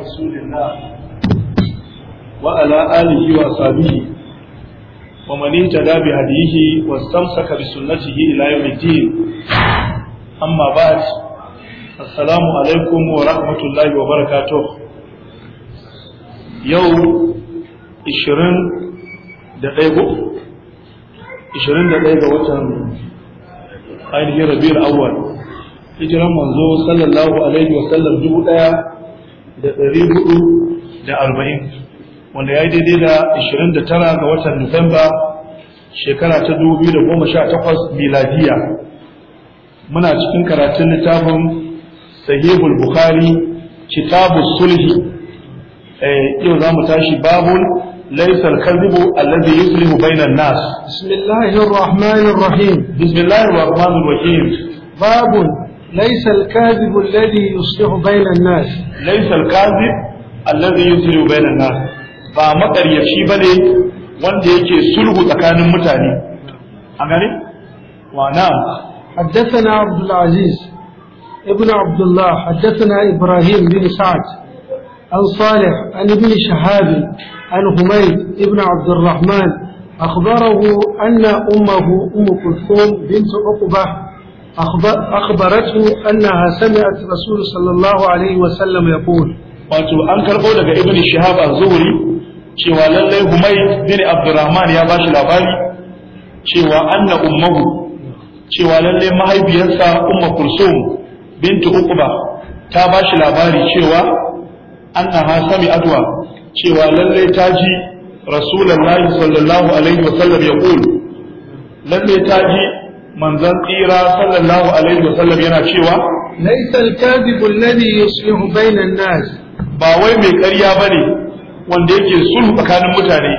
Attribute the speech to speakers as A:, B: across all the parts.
A: رسول الله وعلى آله وأصحابه ومن اهتدى بهديه واستمسك بسنته إلى يوم الدين أما بعد السلام عليكم ورحمة الله وبركاته يوم 20 دقيقة 21 ga watan ainihin rabiul awwal hijiran manzo sallallahu alaihi wa sallam dubu daya da ɗari hudu da arba'in wanda ya yi daidai da ashirin da tara ga watan Nuwamba shekara ta dubu biyu da goma sha takwas miladiya muna cikin karatun littafin sahihul bukhari kitabu sulhi eh, yau za mu tashi babun ليس الكذب الذي يصلح بين الناس بسم الله الرحمن الرحيم بسم الله الرحمن الرحيم باب ليس الكاذب الذي يصلح بين الناس Laisal alkazib allazi yusulu bainan nas ba makaryaci bane wanda yake sulhu tsakanin mutane a gani wa na haddathana abdul aziz ibnu abdullah haddathana ibrahim bin Sa'ad, an salih an ibn shahab an humayd ibn abd الرحمن اخبره ان امه ام كلثوم بنت أخبرته أنها سمعت رسول صلى الله عليه وسلم يقول wato an karɓo daga ibn shihab az-zuhri
B: cewa lallai humayd
A: bin abdurrahman ya ba shi labari cewa anna ummuhu cewa lallai mahaifiyarsa umma kursum bintu uqba ta ba shi labari cewa annaha sami'at Adwa cewa lallai ta ji rasulullahi sallallahu alaihi wasallam ya qul lallai ta ji manzan tsira sallallahu alaihi wasallam yana cewa laisal kadhibu alladhi yuslihu an nas ba wai mai ƙarya bane wanda yake sulhu tsakanin mutane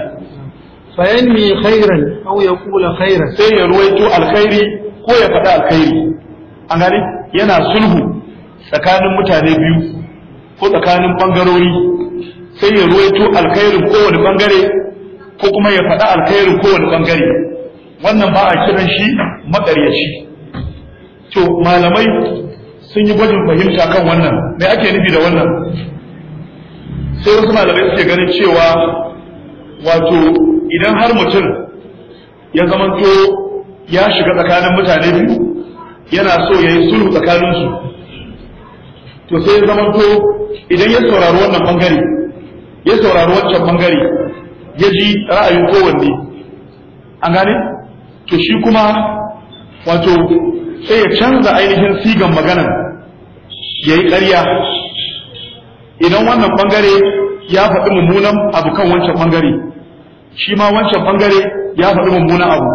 A: yanmi khairan aw yaqula khairan sai ya ruwaito alkhairi ko ya faɗa alkhairi an gane yana sulhu tsakanin mutane biyu ko tsakanin bangarori sai ya ruwaito ko wani bangare ko kuma ya faɗa ko wani bangare wannan ba a kiran shi maƙaryaci to malamai sun yi gwajin fahimta kan wannan mai ake nufi da wannan sai wasu malamai suke ganin cewa wato idan har mutum ya zamanto ya shiga tsakanin mutane biyu yana so ya yi sulhu tsakaninsu to sai ya zamanto idan ya saurari wannan bangare ya saurari wancan bangare ya ji ra'ayin kowanne an gane to shi kuma wato sai ya canza ainihin sigan maganan ya yi ƙarya idan wannan ɓangare ya faɗi mummunan abu kan wancan ɓangare shi ma wancan ɓangare ya faɗi mummunan abu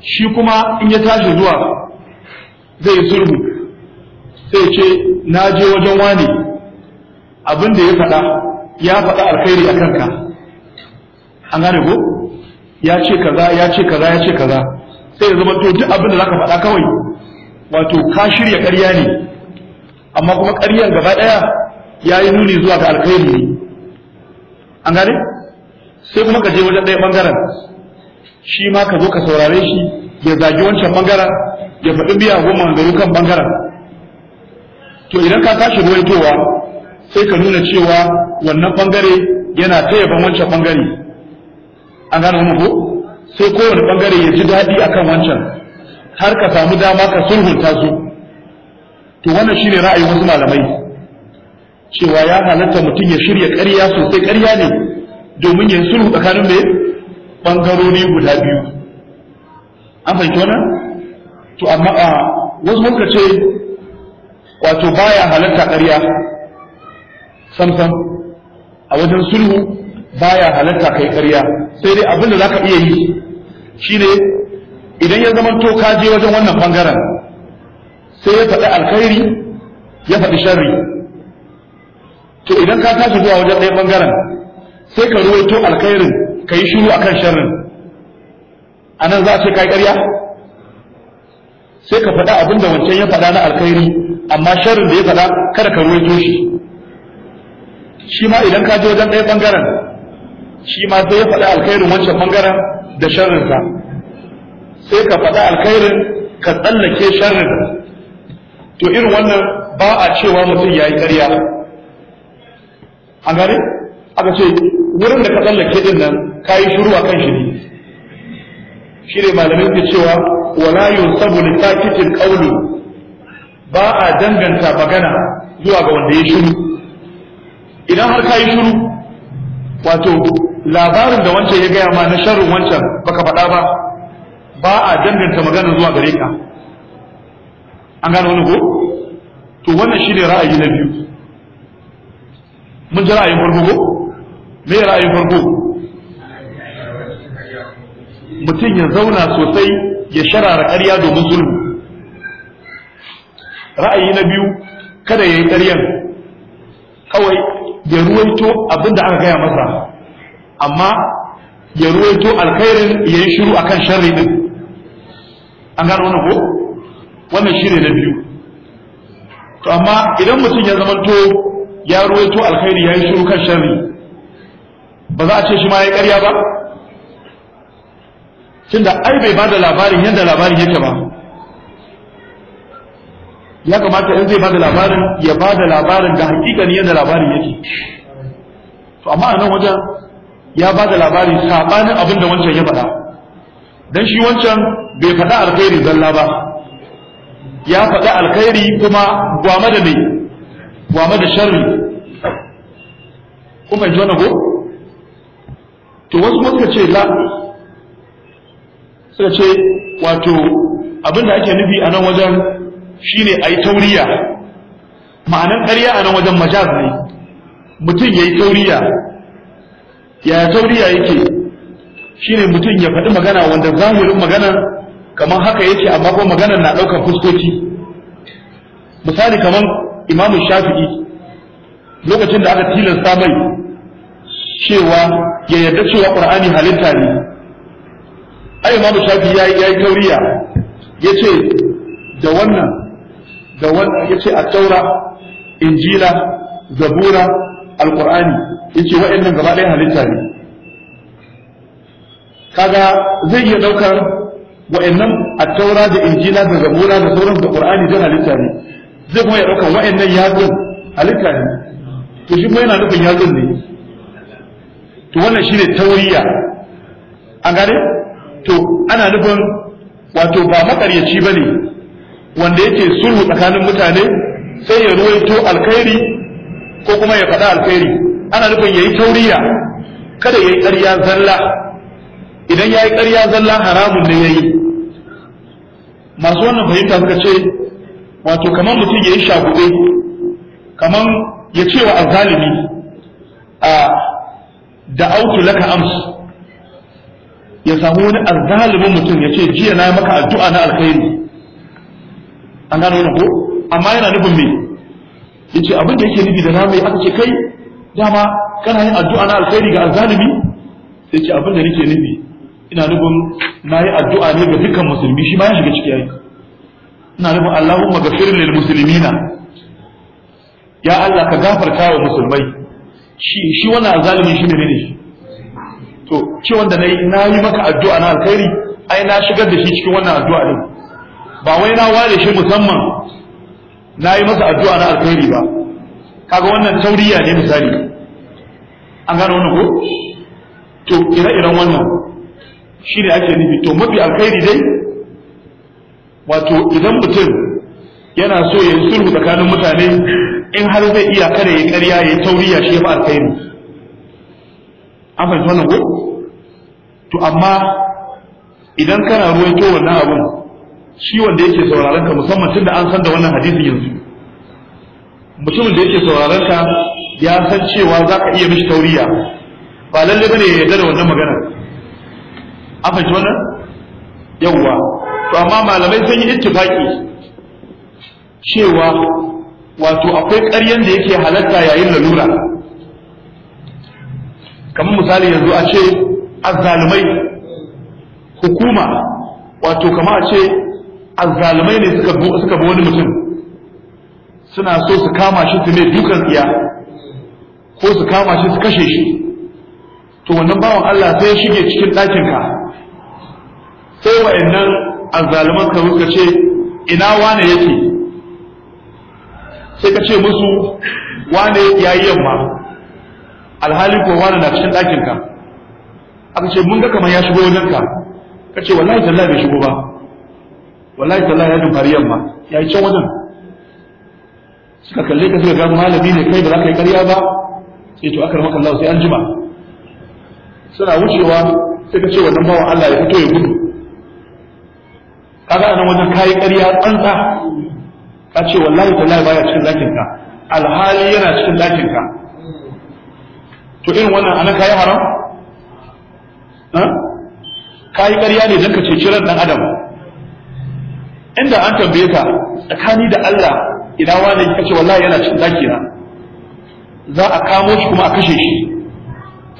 A: shi kuma in ya tashi zuwa zai yi sulhu sai ce na je wajen wane abin da ya faɗa ya faɗa alkhairi a kanka an gane ko ya ce kaza ya ce kaza ya ce kaza sai ya zama to duk abin da zaka faɗa kawai wato ka shirya ƙarya ne amma kuma ƙaryan gaba ɗaya ya yi nuni zuwa ga alkhairi ne an gane sai kuma ka je wajen ɗaya ɓangaren shi ma ka zo ka saurare shi ya zagi wancan bangaren ya faɗi biya goma gari kan bangaren to idan ka tashi ruwaitowa sai ka nuna cewa wannan bangare yana ta yaban wancan bangare. an gano mu ko sai kowane bangare ya ji daɗi akan wancan har ka samu dama ka sulhunta su to wannan shine ra'ayin wasu malamai cewa ya halatta mutum ya shirya ƙarya sosai ƙarya ne domin ya sulhu tsakanin me bangarori guda biyu an fahimci wannan to amma a wasu muka ce wato baya halatta ƙarya sam a wajen sulhu baya halatta kai ƙarya sai dai abin da ka iya yi shine idan ya zama to ka je wajen wannan bangaren sai ya faɗi alkhairi ya faɗi sharri to idan ka tashi zuwa wajen ɗaya bangaren sai ka ruwaito alkhairin ka yi shiru akan sharrin a nan za a ce kai ƙarya sai ka faɗa abin da wancan ya faɗa na alkhairi amma sharrin da ya faɗa kada ka ruwaito shi shi ma idan ka je wajen ɗaya bangaren shi ma sai ya faɗi alkhairin wancan bangaren da sharrinsa sai ka faɗi alkhairin ka tsallake sharrin to irin wannan ba a cewa mutum ya yi ƙarya an gane aka ce wurin da ka tsallake din nan ka yi shuru a kan shi ne shi ne malamin ke cewa wala saboda ta sakitin qawli ba a danganta magana zuwa ga wanda ya shuru. idan har ka yi shuru, wato labarin da wancan ya gaya ma na sharrin wancan baka faɗa ba ba a danganta magana zuwa gare ka an gano wani ko to wannan shine ra'ayi na biyu mun ji ra'ayin farko ko me ra'ayin farko mutum ya zauna sosai ya sharara ƙarya domin zulmi ra'ayi na biyu kada ya yi ƙaryan kawai ya ruwaito abin da aka gaya masa amma ya ruwaito alkhairin ya yi shiru akan sharri din an gano wani ko wannan shine na biyu to amma idan mutum ya zamanto ya ruwaito alkhairi ya yi shiru kan sharri ba za a ce shi ma ya karya ba tunda ai bai ba da labarin yadda labarin yake ba ya kamata in zai ba da labarin ya ba da labarin da hakikan yadda labarin yake to amma a nan wajen ya ba da labari saɓanin abin da wancan ya faɗa dan shi wancan bai faɗa alkhairi zalla ba ya faɗa alkhairi kuma gwama da mai gwama da sharri kuma ji wani go to wasu suka ce la suka ce wato abin da ake nufi a nan wajen shine a yi tauriya ma'anan ƙarya a nan wajen majaz ne mutum ya yi tauriya ya sauriya yake shine mutum ya faɗi magana wanda zahirin magana kamar haka yake amma ko maganar na ɗaukar fuskoki misali kamar imamu shafi'i lokacin da aka tilasta mai cewa ya yarda cewa Al-ƙur'ani halitta ne ai imamu shafi'i ya yi tauriya yace da wannan da wannan a taura injila zabura alƙur'ani yace waɗannan gaba ɗaya halitta ne kaga zai iya ɗaukar waɗannan attaura da injila da zabura da sauran da qur'ani da halitta ne zai kuma ya ɗaukar waɗannan yazo halitta ne to shi kuma yana nufin yazo ne to wannan shine tauriya an gane to ana nufin wato ba makaryaci bane wanda yake sulhu tsakanin mutane sai ya ruwaito alkhairi ko kuma ya faɗa alkhairi ana nufin yayi tauriya kada yayi ƙarya zalla idan yayi ƙarya zalla haramun ne yayi masu wannan fahimta suka ce wato kamar mutum yayi shagube kamar ya ce wa azalimi a da'autu laka amsu ya samu wani azalimin mutum ya ce jiya na maka addu'a na alkhairi an gano wannan ko amma yana nufin me yace abin da yake nufi da na mai aka ce kai dama kana yin addu'a na alkhairi ga azalimi sai ce abin da nake nufi ina nufin na yi addu'a ne ga dukkan musulmi shi ma ya shiga ciki yayi ina nufin Allahumma ghafir lil muslimina ya Allah ka gafarta wa musulmai shi shi wannan azalimi shi ne ne to ce wanda nayi nayi maka addu'a na alkhairi ai na shigar da shi cikin wannan addu'a din ba wai na ware shi musamman nayi masa addu'a na alkhairi ba kaga wannan tauriya ne misali an gano wannan ko to ire-iren wannan shi ne ake nufi to mafi alkhairi dai wato idan mutum yana so ya yi sulhu tsakanin mutane in har zai iya kare ya karya ya tauriya shi ba alkhairi an fahimci wannan ko to amma idan kana to wannan abun shi wanda yake sauraron ka musamman tunda an san da wannan hadisin yanzu mutumin da yake sauraron ka ya san cewa za ka iya mishi tauriya ba lalle bane ya yarda da wannan magana a fahimci wannan yawwa to amma malamai sun yi ittifaki cewa wato akwai ƙaryan da yake halatta yayin lalura kamar misali yanzu a ce azzalumai hukuma wato kama a ce azzalumai ne suka bi wani mutum suna so su kama shi su mai dukan tsiya ko su kama shi su kashe shi to wannan bawan Allah sai ya shige cikin ɗakinka sai wa'annan azzaluman ka ruka ce ina wane yake sai ka ce musu wane ya yi yamma alhali ko wane na cikin ɗakinka aka ce mun ga kamar ya shigo wajenka ka ce wallahi tallah bai shigo ba wallahi tallah ya dumfari yamma ya yi can wajen suka kalle ka suka ga malami ne kai ba za ka yi ƙarya ba sai to akar maka Allah sai an jima suna wucewa sai ka ce wannan bawan Allah ya fito ya gudu kaga nan wajen kai ƙarya tsantsa ka ce wallahi tallahi baya cikin lakin ka alhali yana cikin lakin ka to irin wannan anan kai haram kai ƙarya ne don ka ce ran dan adam inda an tambaye ka tsakani da Allah ina wani ka ce wallahi yana cikin daki na za a kamo shi kuma a kashe shi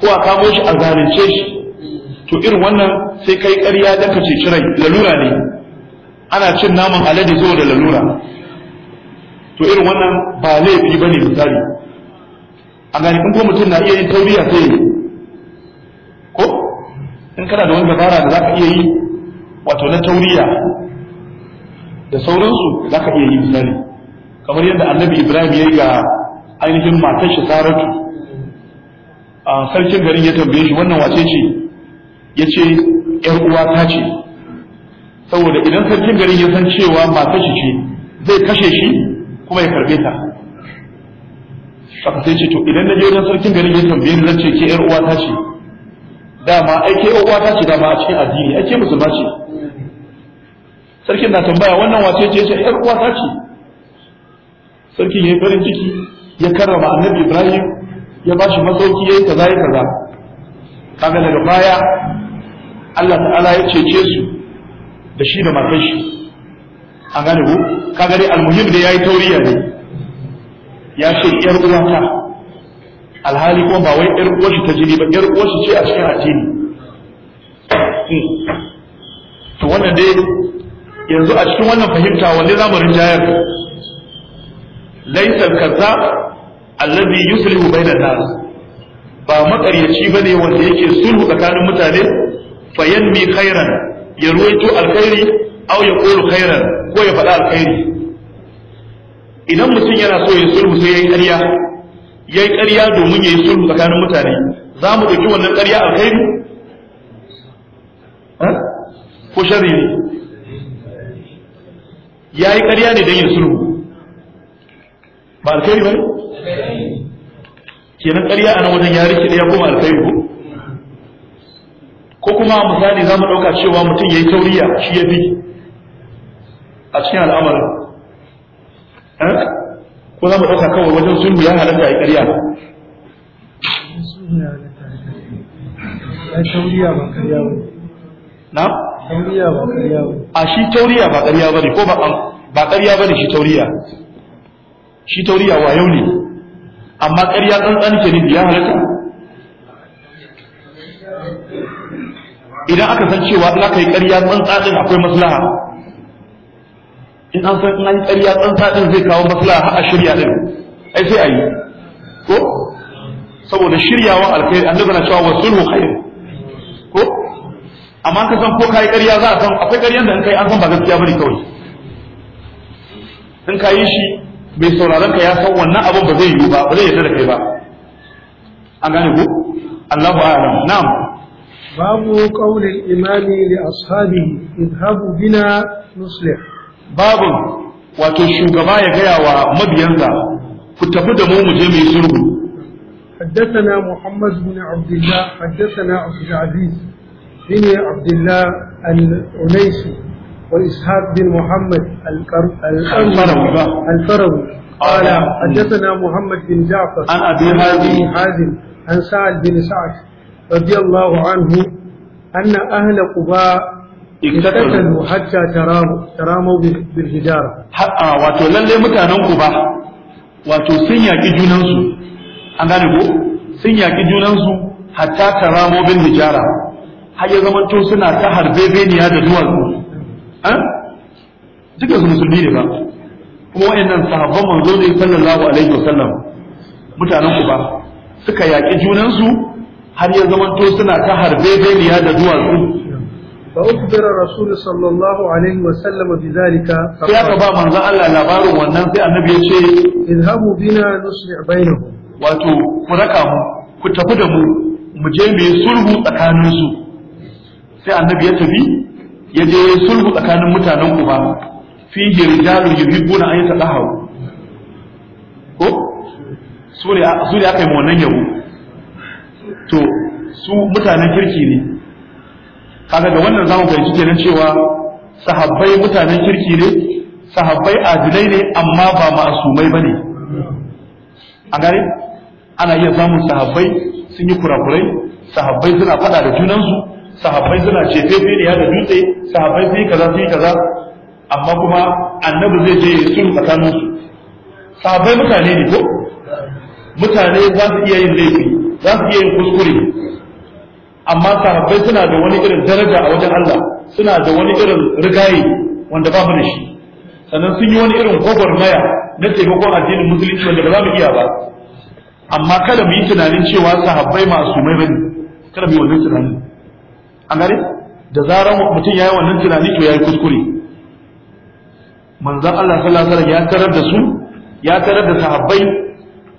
A: ko a kamo shi a zalunce shi to irin wannan sai kai ƙarya dan ka ce rai lalura ne ana cin naman alade zuwa da lalura to irin wannan ba laifi bane misali a gani kun ko mutum na iya yin tauriya sai ko in kana da wani dabara da zaka iya yi wato na tauriya da sauransu zaka iya yi misali kamar yadda annabi ibrahim ya yi ga ainihin matar shi saratu a sarkin garin ya tambaye shi wannan wace ce ya ce ‘yar uwa ta ce saboda idan sarkin garin ya san cewa matar shi ce zai kashe shi kuma ya karbe ta saka sai ce to idan na je wajen sarkin garin ya tambaye ni zan ce ke ‘yar uwa ta ce dama ai yan uwa ta ce dama a cikin addini ai ke musulma ce sarkin na tambaya wannan wace ce ‘yar uwa ta ce sarki ya yi farin ciki ya karrama annabi ibrahim ya ba shi masauki ya yi kaza ya kaza kaga daga baya Allah ta'ala ya cece su da shi da matan shi an gane ku kaga dai almuhim da yayi tauriya ne ya ce yar uwata alhali kuma ba wai yar ta jini ba yar ce a cikin addini hmm. to wannan dai yanzu a cikin wannan fahimta wanne zamu rinjayar laisa kaza allazi yuslihu bainan nas ba makaryaci bane wanda yake sulhu tsakanin mutane fayanmi khairan ya ruwaito alkhairi aw ya qulu khairan ko ya faɗa alkhairi idan mutum yana so ya sulhu sai yayi ƙarya yayi ƙarya domin yayi sulhu tsakanin mutane za mu ɗauki wannan ƙarya alkhairi ko sharri yayi ƙarya ne don ya sulhu ba alkhairi ba ne nan ƙarya a nan wajen ya rike ɗaya kuma alkhairi ko ko kuma misali za mu ɗauka cewa mutum ya yi tauriya shi ya fi a cikin al'amarin eh? ko za mu ɗauka kawai wajen sulhu ya halatta ya ƙarya na? tauriya ba ƙarya ba a shi tauriya ba ƙarya ba ne ko ba ƙarya ba ne shi tauriya shi tauriya wa yau ne amma ƙarya tsantsan ke nufi ya halitta
B: idan aka san cewa in aka yi ƙarya tsantsan akwai maslaha
A: in an san in an yi ƙarya tsantsan zai kawo maslaha a shirya din ai sai a yi ko saboda shiryawan alkhairi annabi na cewa wasulhu khair ko amma ka san ko kai ƙarya za a san akwai ƙaryan da in kai an san ba gaskiya bane kawai in ka yi shi mai sauraron ka ya san wannan abin ba zai yiwu ba ba zai yarda da kai ba an gane ku Allahu a'lam na'am babu qaulil imami li ashabi idhabu bina nuslih babu wato shugaba ya gaya wa mabiyansa ku tafi da mu mu je mu yi sulhu
B: حدثنا محمد بن عبد الله حدثنا عبد العزيز بن عبد الله وإسحاق بن محمد
A: الفروي قال حدثنا محمد بن جعفر عن أبي حازم عن سعد بن سعد رضي الله عنه أن أهل قباء اقتتلوا حتى تراموا تراموا بالحجارة حقا واتو للي متانون قباء واتو سنيا كجونانسو أنغاني بو سنيا كجونانسو حتى تراموا بالحجارة har ya zamanto suna ta harbebeniya da duwatsu Eh? dukkan su musulmi ne ba kuma wayannan sahabban manzo ne sallallahu alaihi wasallam mutanen ku ba suka yaƙi su har ya to suna ta harbe beniya da duwatsu فأخبر الرسول صلى الله عليه bi zalika sai aka ba manzo Allah labarin wannan sai annabi ya ce idhabu bina nusri' bainahum wato ku raka mu ku tafi da mu mu je mu yi sulhu tsakanin su sai annabi ya tafi ya je sulhu tsakanin mutanen ku ba fi rijalu na an yatadahaw ko sule ne su ne aka yi wannan yabo to su mutanen kirki ne kaga da wannan zamu fahimci kenan cewa sahabbai mutanen kirki ne sahabbai adilai ne amma ba ma'asumai bane a gare ana iya samun sahabbai sun yi kurakurai sahabbai suna fada da junansu sahabbai suna ce fefe ne ya da dutse sahabbai sun yi kaza sun yi kaza amma kuma annabi zai je ya sulhu tsakanin su sahabbai mutane ne ko mutane za su iya yin laifi za su iya yin kuskure amma sahabbai suna da wani irin daraja a wajen Allah suna da wani irin rigaye wanda ba mu da shi sannan sun yi wani irin gwagwarmaya na taimakon addinin musulunci wanda ba za mu iya ba amma kada mu yi tunanin cewa sahabbai masu mai bane kada mu yi wannan tunanin an gane da zarar mutum ya yi wannan tunani to ya yi kuskure manzan Allah sallallahu alaihi ya tarar da su ya tarar da sahabbai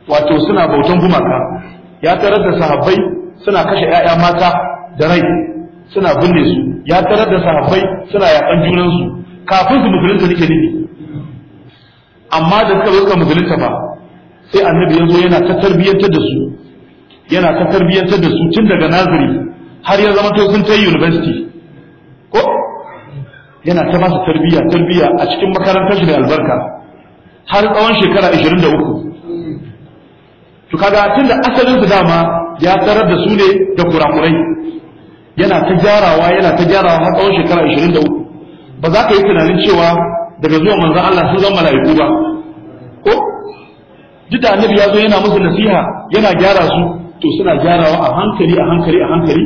A: wato suna bautan gumaka ya tarar da sahabbai suna kashe 'ya'ya mata da rai suna binne su ya tarar da sahabbai suna yakan junansu kafin su musulunta nake nufi amma da suka suka musulunta ba sai annabi ya zo yana ta tarbiyyantar da su yana ta tarbiyyantar da su tun daga naziri har ya zama to sun ta university ko yana ta masa tarbiyya tarbiyya a cikin makarantar shi da albarka har tsawon shekara 23 to kaga tun da asalin su dama ya tarar da su ne da kurakurai yana ta gyarawa yana ta gyarawa har tsawon shekara 23 ba za ka yi tunanin cewa daga zuwa manzon Allah sun zama mala'iku ba ko duk da annabi ya zo yana musu nasiha yana gyara su to suna gyarawa a hankali a hankali a hankali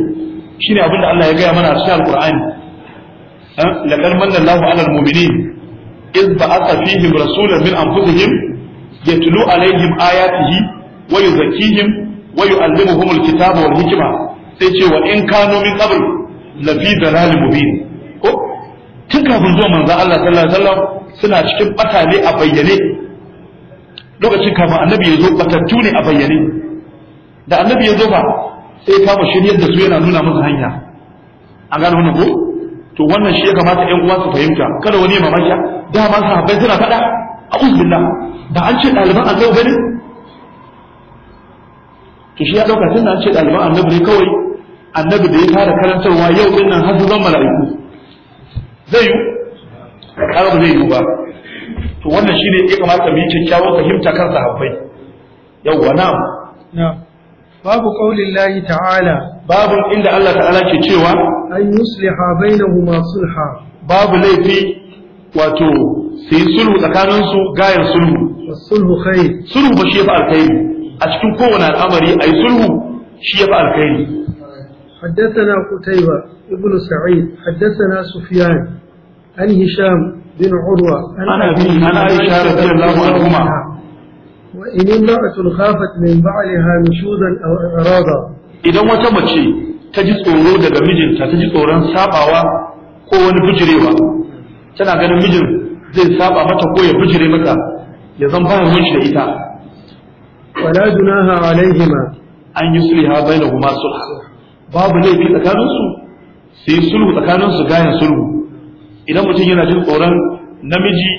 A: shine abinda Allah ya gaya mana a cikin alqur'ani laqad manna Allahu 'alal mu'minin iz ba'atha fihim rasulan min anfusihim yatlu 'alayhim ayatihi wa yuzakkihim wa yu'allimuhum alkitaba wal hikma sai ce wa in kanu min qabl la fi dalal mubin ko tun kafin zuwa manzo Allah sallallahu alaihi wasallam suna cikin batale a bayyane lokacin kafin annabi ya zo batattu ne a bayyane da annabi ya zo ba sai kama shiryar da su yana nuna musu hanya an gano wani ko to wannan shi ya kamata 'yan uwa su fahimta kada wani ya mamaki dama sahabbai suna fada a billah da an ce ɗaliban annabi bane to shi ya dauka da an ce ɗaliban annabi ne kawai annabi da ya fara karantarwa yau din nan har zan mala'iku zai yi kaga ba zai yi ba to wannan shi ne ya kamata mu yi kyakkyawan fahimta kan sahabbai wa na'am na'am babu qaulin lahi ta'ala babu inda Allah ta'ala ke cewa an yi musliha bai na huma sulha babu laifi wato su yi sulhu tsakaninsu, su gayar sulhu sulhu kai. sulhu ba shi ya fi alkhairi a cikin kowane al'amari ayi sulhu shi ya fi alkhairi
B: حدثنا قتيبة ابن سعيد حدثنا Sufiyan. An هشام بن عروة عن أبي عن عائشة رضي الله عنهما وإن امرأة خافت من بعلها نشوزا
A: أو إعراضا إذا وتمشي تجي tsoro daga mijinta ta ji tsoron sabawa ko wani bijirewa tana ganin mijin zai saba mata ko ya bijire mata ya zan ba da ita wala junaha alaihima an yi sulha bainahuma sulha babu laifi tsakanin su yi sulhu tsakanin su gayan sulhu idan mutum yana jin tsoron namiji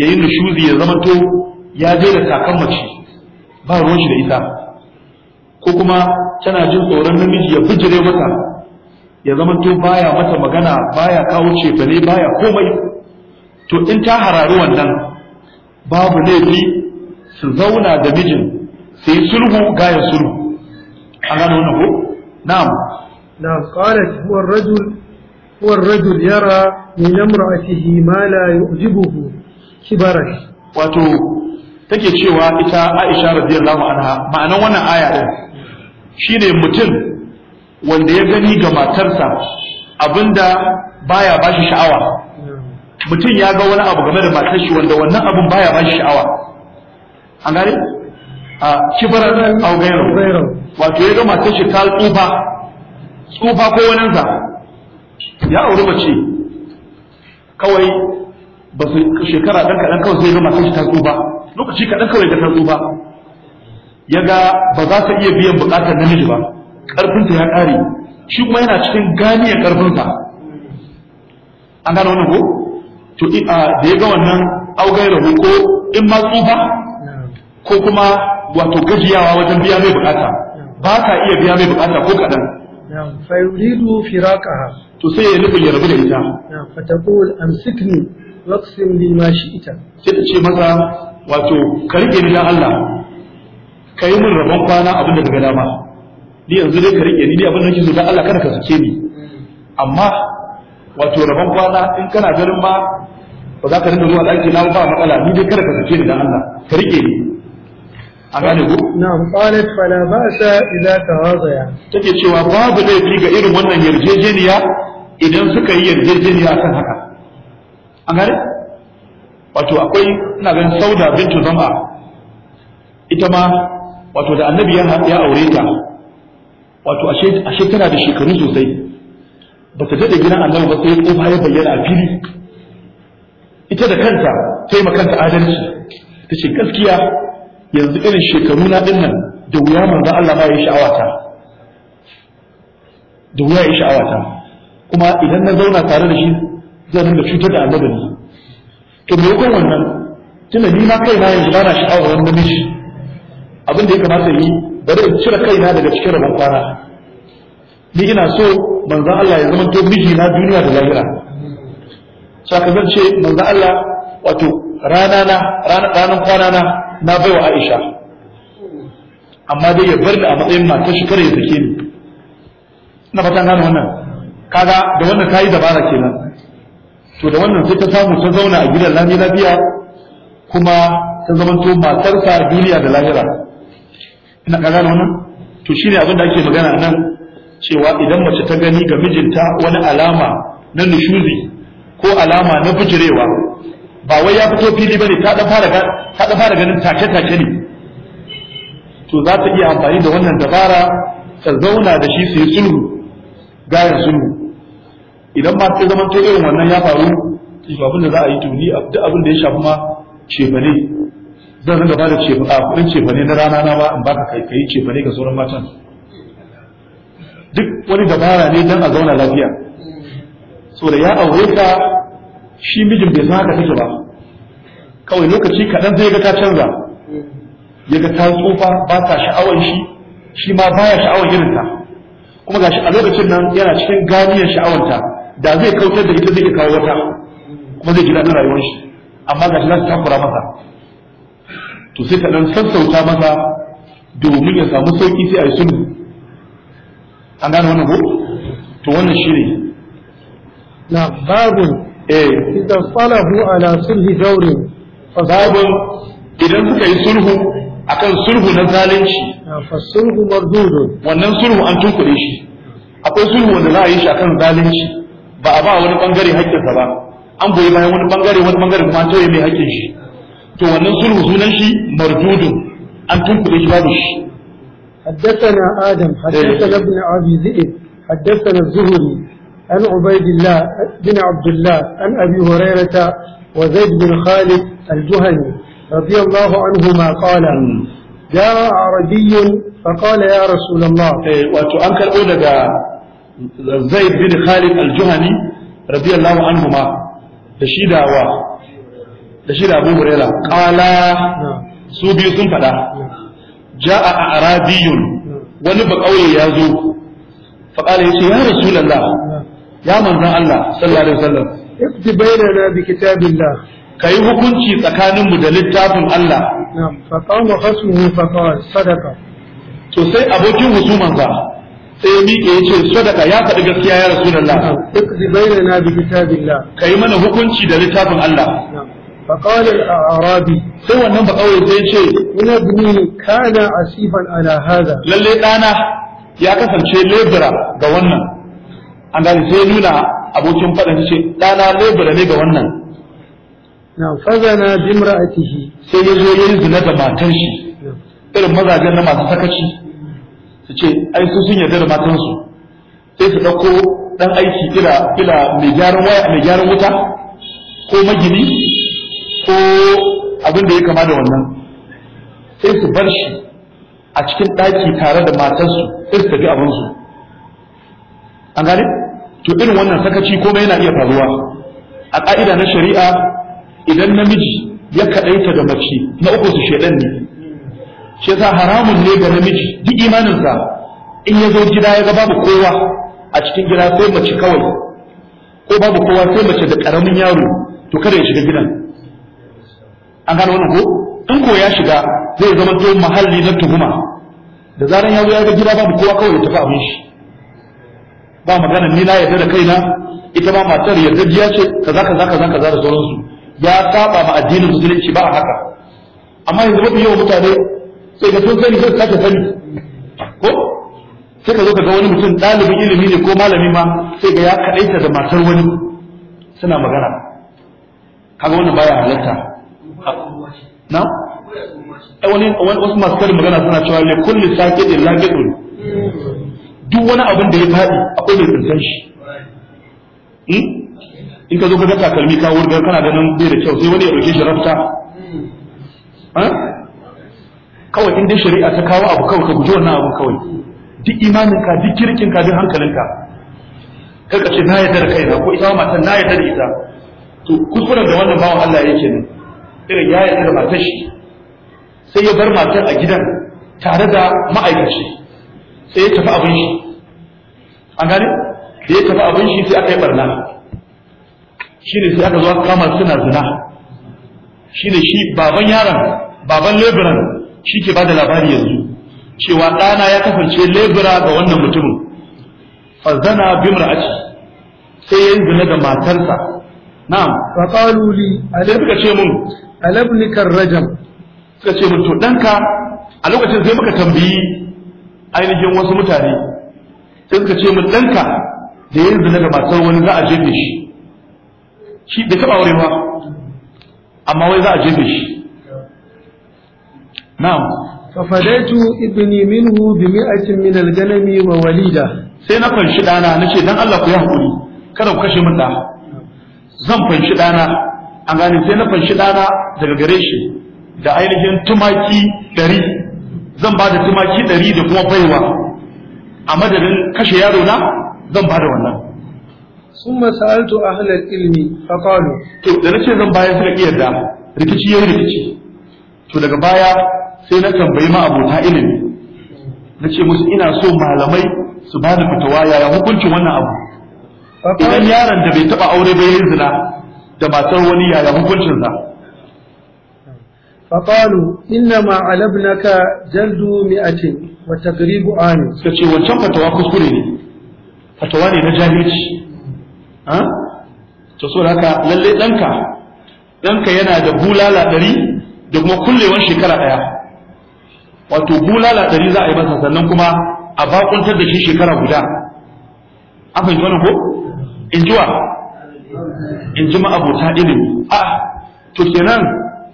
A: yayin nushuzi ya zamanto ya je da kakan mace ba ruwan shi da ita ko kuma tana jin tsoron namiji ya bijire mata ya zama to baya mata magana baya kawo cefane baya komai to in ta hararu wannan babu laifi su zauna da mijin su yi sulhu gaya sulhu an gano wannan ko na'am na'am qala huwa ar-rajul huwa ar-rajul yara min amra'atihi ma la yu'jibuhu wato take cewa ita Aisha radiyallahu anha ma'anan wannan aya din shine mutum wanda ya gani ga matarsa abinda baya bashi sha'awa mutum ya ga wani abu game da matar shi wanda wannan abun baya bashi sha'awa an gane a kibarar augairu wato ya ga matar shi ta tsufa tsufa ko wani za ya auri mace kawai ba su shekara ɗan kaɗan kawai sai ga matar shi ta tsufa lokaci kaɗan kawai ga tarzo ba ya ga ba za ta iya biyan buƙatar namiji ba ƙarfinta ya ƙare shi kuma yana cikin ganiyar ƙarfinsa an gano wannan ko to da ya ga wannan auge rahu ko in ma tsufa ko kuma wato gajiyawa wajen biya mai buƙata ba ka iya biya mai buƙata ko kaɗan fa yuridu firaqaha to sai ya nufin ya rabu da ita.
B: Fatakul amsikni waqsim li ma shi ita. Sai ta ce maza wato ka rike ni don Allah
A: ka yi min rabon kwana abin da daga dama ni yanzu dai ka rike ni dai abin da nake so dan Allah kada ka suke ni amma wato rabon kwana in kana ganin ba ba za ka rinka zuwa ɗaki na ba matsala ni dai kada ka suke ni don Allah ka rike ni a gane ku na'am qalat fala ba'sa idza tawadaya take cewa babu laifi ga irin wannan yarjejeniya idan suka yi yarjejeniya kan haka an gane wato akwai ina ganin sauda bintu zama ita ma wato da annabi ya aure ta wato ashe tana da shekaru sosai ba ta daɗe gidan annabi ba sai kofa ya bayyana a fili ita da kanta ta yi makanta adalci ta ce gaskiya yanzu irin shekaru na din nan da wuya manzo Allah ma ya yi sha'awata da wuya ya yi sha'awata kuma idan na zauna tare da shi zan da cutar da annabi to me yakon wannan tunda ni ma kaina yanzu ba na sha'awar wani namiji abin da ya kamata yi bari in cire kaina daga cikin rabon kwana ni ina so manzan Allah ya zama to miji na duniya da lahira saka zan ce manzan Allah wato rana na ranan kwana na na baiwa Aisha amma dai ya bar ni a matsayin matar shi kare ya sake ni na fatan gano wannan kaga da wannan tayi dabara kenan to da wannan sai ta samu ta zauna a gidan lami lafiya kuma ta zamanto matarsa duniya da lahira ina ka gane wannan to shine abin da ake magana nan cewa idan mace ta gani ga mijinta wani alama na nushuzi ko alama na bijirewa ba wai ya fito fili bane ta da fara ta da fara ganin take take ne to za ta iya amfani da wannan dabara ta zauna da shi su yi sulhu gayan sulhu idan ma ta zama irin wannan ya faru to abin za a yi tuni duk abin da ya shafi ma cefane zan rinka ba da kudin cefane na rana na ba in baka kai kai cefane ga sauran matan duk wani dabara ne dan a zauna lafiya da ya aure ka shi mijin bai san haka take ba kawai lokaci kaɗan zai ga ta canza ya ga ta tsufa ba ta sha'awar shi shi ma baya sha'awar irinta kuma gashi a lokacin nan yana cikin ganiyar sha'awarta da zai kautar da ita zai kawo wata kuma zai jira ta rayuwar shi amma ga shi za su tambura masa to sai ka dan sassauta masa domin ya samu sauki sai a yi sulhu an gane wannan ko to wannan shi ne na babu eh idan salahu ala sulhi dawrin babu idan suka yi sulhu akan sulhu na zalunci fa sulhu mardudun wannan sulhu an tunkure shi akwai sulhu wanda za a yi shi akan zalunci ba a ba wani bangare haƙƙinsa ba an goyi bayan wani bangare wani bangare kuma an tauye mai haƙƙin shi to wannan sulhu sunan shi mardudu an tunkuɗe shi babu shi حدثنا آدم حدثنا ابن أبي ذئب حدثنا الزهري عن عبيد الله بن عبد الله عن أبي هريرة وزيد بن خالد الجهني رضي الله عنهما قال جاء عربي فقال يا رسول الله وأتو أنكر أولى zaid bin khalid al-juhani radiyallahu anhu ma da shi da wa da shi da abu hurairah qala su biyu sun faɗa ja'a arabiyun wani ba kauye ya zo fa ya ce ya rasulullah ya manzan Allah sallallahu alaihi wasallam ikti bainana bi kitabillah kai hukunci tsakaninmu da littafin Allah na'am fa qala khasmuhu fa qala sadaqa to sai abokin husumansa sai bi ke ce sadaka ya faɗi gaskiya ya rasu Allah. Iqdi bainana bi kitabin la. Ka yi mana hukunci da littafin Allah. Fa qala al-Arabi sai wannan ba kawai sai ce ina bini kana asifan ala hada. Lalle dana ya kasance lebura ga wannan. An dan sai nuna abokin faɗin ce dana lebura ne ga wannan. Na fazana bi mar'atihi sai ya zo yin zina da matanshi. Irin mazajen na masu sakaci. su ce ai su sun yarda da matansu sai su ɗauko ɗan aiki ila ila mai gyaran waya mai gyaran wuta ko magini ko abin da ya kama da wannan sai su bar shi a cikin ɗaki tare da matarsu sai su tafi abinsu an gane to irin wannan sakaci komai yana iya faruwa a ƙa'ida na shari'a idan namiji ya kaɗaita da mace na uku su shaidan ne shi yasa haramun ne ga namiji duk imaninsa in yazo gida ya ga babu kowa a cikin gida sai mace kawai ko babu kowa sai mace da karamin yaro to kada ya shiga gidan an gano wannan ko in ko ya shiga zai zama to mahalli na tuhuma da zaran yaro ya ga gida babu kowa kawai ya tafi abin shi ba magana ni na yarda da kaina ita ma matar yardajiya ce kaza kaza kaza kaza da sauransu ya saba ma addinin musulunci ba a haka amma yanzu mafi yawan mutane Sai ga sun sani sai sake sani ko sai ka zo ka ga wani mutum ɗalibin ilimi ne ko malami ma sai ga ya kaɗaita da matar wani suna magana kaga wannan baya halatta na eh, wani wasu masu karin magana suna cewa le kulli saqidin laqidun duk wani abin da ya faɗi akwai mai tsintan shi hmm? in ka zo ka ga takalmi ka wurgar kana ganin bai da kyau sai wani ya ɗauke shi rafta kawai in dai shari'a ta kawo abu kawai ka guji wannan abu kawai duk imaninka duk kirkinka duk hankalinka kar ka ce na yarda da kaina ko ita matan na yarda da ita to kuskuren da wannan bawan Allah yake ne irin ya yarda da matar shi sai ya bar matar a gidan tare da ma'aikaci sai ya tafi abin shi an gane da ya tafi abin shi sai aka yi barna shi ne sai aka zo kama suna zina shi ne shi baban yaron baban leburan shi ke bada labari yanzu cewa ɗana ya kasance lebura ga wannan mutumin fazana a mar'ati sai ya zina da matarsa na'am fa qalu li suka ce mun alabnikar rajam suka ce mun to danka a lokacin sai muka tambayi ainihin wasu mutane sai suka ce mun ɗanka da ya zina da matar wani za a jefe shi shi bai taba aure ba amma wai za a jefe shi نعم ففديت ابني منه bi mi'atin min al-ganami wa walida sai na fanshi dana nace dan Allah ku yi hakuri kada ku kashe min da zan fanshi sai na fanshi daga gare shi da ainihin tumaki ɗari zan ba da tumaki ɗari da kuma baiwa a madadin kashe yaro na zan ba da wannan ثم سألت أهل العلم فقالوا to da nace zan bayar suka kiyarda rikici yayi rikici to daga baya sai na tambayi ma abota ilimi na ce musu ina so malamai su ba da fitowa yaya hukuncin wannan abu idan yaron da bai taba aure bai yin zina da matar wani yaya hukuncin sa فقالوا إنما ani? Suka جلد مئة وتقريب آن سكتشي وانشان ne na فتوى لي نجاهيش ها تصور هكا للي danka yana ينا دبولا لدري دقم كل وان shekara اياه wato bulala ɗari za a yi masa sannan kuma a bakuntar da shi shekara guda an fahimci wannan ko in ji wa in ji ma'abota ilimi a to kenan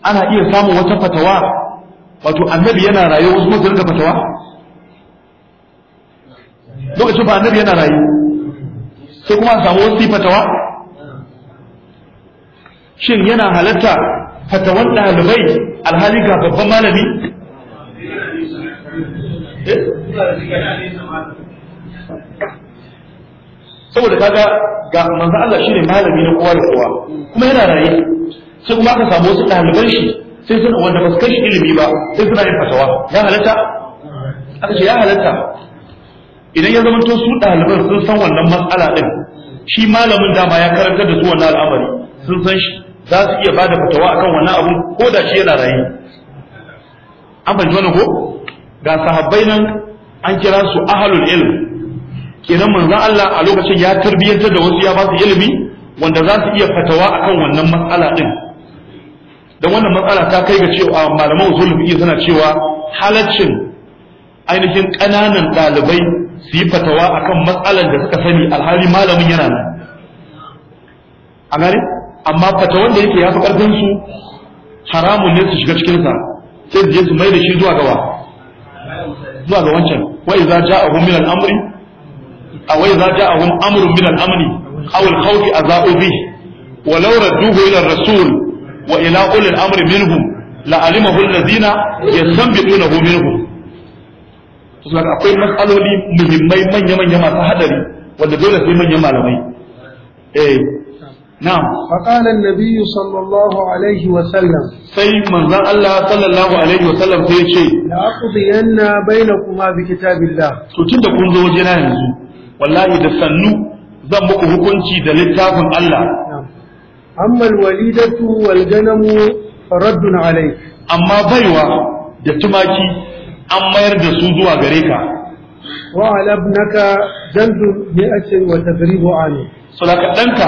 A: ana iya samun wata fatawa wato annabi yana raye wasu mutum da fatawa lokacin ba annabi yana raye sai kuma a samu wasu fatawa shin yana halatta fatawan ɗalibai alhali ga babban malami saboda kaga ga manzo Allah shine malami na kowa da kowa kuma yana raye sai kuma aka samu wasu ɗaliban shi sai suna wanda ba su kai shi ilimi ba sai suna yin fatawa ya halatta aka ce ya halatta idan ya zama to su ɗaliban sun san wannan matsala ɗin shi malamin dama ya karanta da su wannan al'amari sun san shi za su iya ba da fatawa akan wannan abu ko da shi yana raye an fahimci wannan ko ga sahabbai nan an kira su ahlul ilm kenan manzo Allah a lokacin ya tarbiyyantar da wasu ya ba su ilimi wanda za su iya fatawa akan wannan matsala din dan wannan matsala ta kai ga cewa malaman usul fiqh suna cewa halaccin ainihin ƙananan ɗalibai su yi fatawa akan matsalar da suka sani alhali malamin yana nan a amma fatawan da yake ya fi ƙarfin su haramun ne su shiga cikinsa sai su je su mai da shi zuwa gawa zuwa ga wancan wa idza a min al-amri aw idza a amrun min al-amni aw al a adza'u bihi wa law radduhu ila ar-rasul wa ila ulil amri zina, ya minhum la'alimahu alladhina yastanbitunahu minhum to saboda akwai matsaloli muhimmai manya-manya masu hadari wanda dole sai manyan malamai eh نعم فقال النبي صلى الله عليه وسلم سي من ذا الله صلى الله عليه وسلم في شيء لأقضين بينكما بكتاب الله تتد كن زوجنا ينزو والله دسنو ذنبك هكونتي دلتاف الله نعم. أما الوليدة والجنم فرد عليك أما بيوة دتماكي أما يرد سوزوا غريكا
B: وعلى ابنك جلد مئة وتغريب عنه
A: صلاك أنت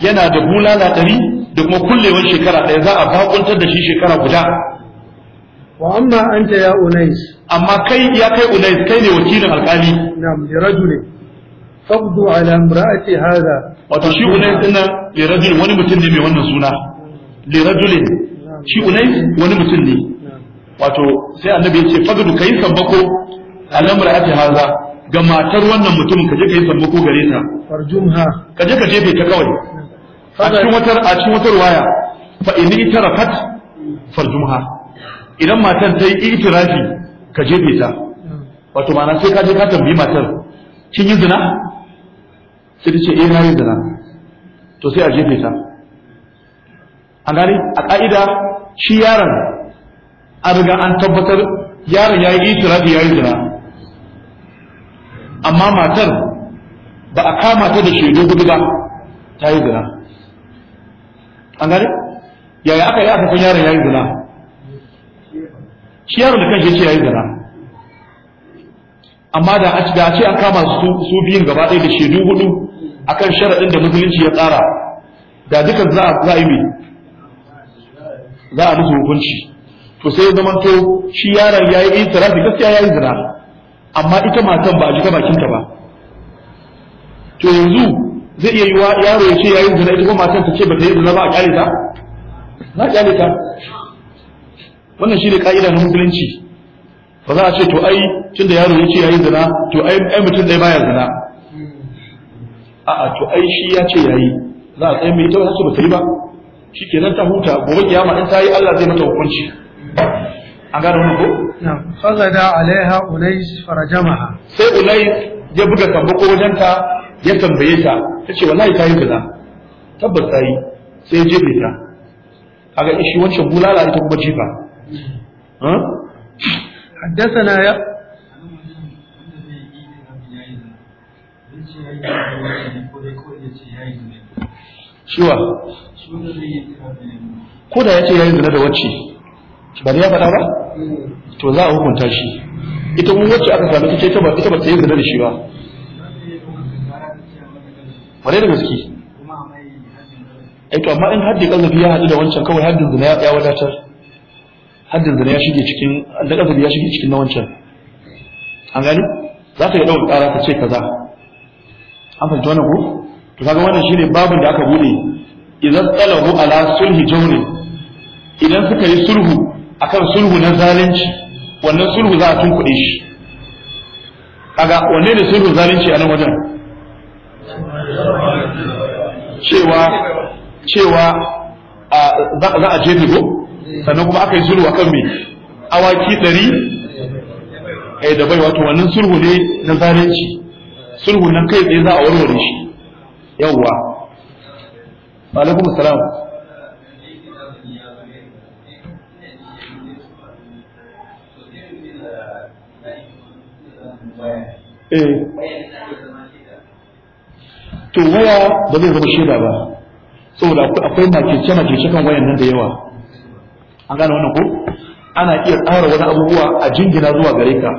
A: yana da bulala ɗari da kuma kullewar shekara ɗaya za a bakuntar da shi shekara guda wa amma anta ya unais amma kai ya kai unais kai ne wakilin alkali na'am li rajulin faqdu ala imra'ati hadha wato shi unais din nan li rajulin wani mutum ne mai wannan suna li rajulin shi unais wani mutum ne wato sai annabi ya ce faqdu kai sabbako ala imra'ati hadha ga matar wannan mutumin ka je ka yi sammako gare ta farjumha ka je ka jefe ta kawai a cikin watar a cikin wata ruwaya tara fat itarafat farjumha idan matar ta yi itirafi ka jefe ta wato ma'ana sai ka je ka tambayi matar kin yi zina sai ta ce eh na yi zina to sai a jefe ta a gani a ka'ida shi yaron an riga an tabbatar yaron ya yi itirafi ya yi zina amma matar ba a kama ta da shaidu gudu ba ta yi zina an gane yaya aka yi aka san yaron yayi zina shi yaron da kanshi yace yayi zina amma da a ce an kama su su biyun gaba ɗaya da shaidu hudu akan sharaɗin da musulunci ya tsara da dukan za a yi za a musu hukunci to sai zaman to shi yaron yayi itirafi gaskiya yayi zina amma ita matan ba a jika bakinta ba to yanzu zai iya yi wa yaro ya ce yayi zina ita kuma matan ta ce ba ta yi zina ba a kyale ta na kyale ta wannan shi ne ka'ida na musulunci ba za a ce to ai tunda yaro ya ce yayi zina to ai ai mutum dai baya zina a'a to ai shi ya ce yayi za a tsaye mai ita ba ta ce ba ta yi ba shikenan ta huta gobe kiyama in ta yi Allah zai mata hukunci an gane wani ko? Fagada alaiha ulais farajamaha. Sai ulais ya buga sabbako wajenta ya tambaye ta ta ce wallahi ta yi kaza tabbas ta yi sai ya jefe ta kaga ishi wancan bulala ita kuma jifa na ya? shiwa
B: ko da ya ce ya zina da wacce
A: ba da ya faɗa ba to za a hukunta shi ita wacce aka sami ta ce ita ba ta yi zina da shi ba kwarai da gaske aiki to amma in haddi kazafi ya haɗu da wancan kawai haddin zina ya wadatar haddin zina ya shige cikin da kazafi ya shige cikin na wancan an gani za ka yi ɗaukar ƙara ta ce kaza an fahimta wannan ko to kaga wannan shine babin da aka bude idan tsalahu ala sulhi jawrin idan suka yi sulhu akan sulhu na zalunci wannan sulhu za a tunkuɗe shi kaga wanne ne sulhu zalunci a nan wajen cewa cewa za a je ko sannan kuma aka yi sulhu akan me awaki ɗari a eh, da bai wato wannan sulhu ne na zalunci sulhu nan kai tsaye za a warware shi yawwa alaikum salam eh to waya ba zai zama shaida ba saboda akwai cana ke kan wayan nan da yawa an gane wannan ko ana iya tsara wani abubuwa a jingina zuwa gare ka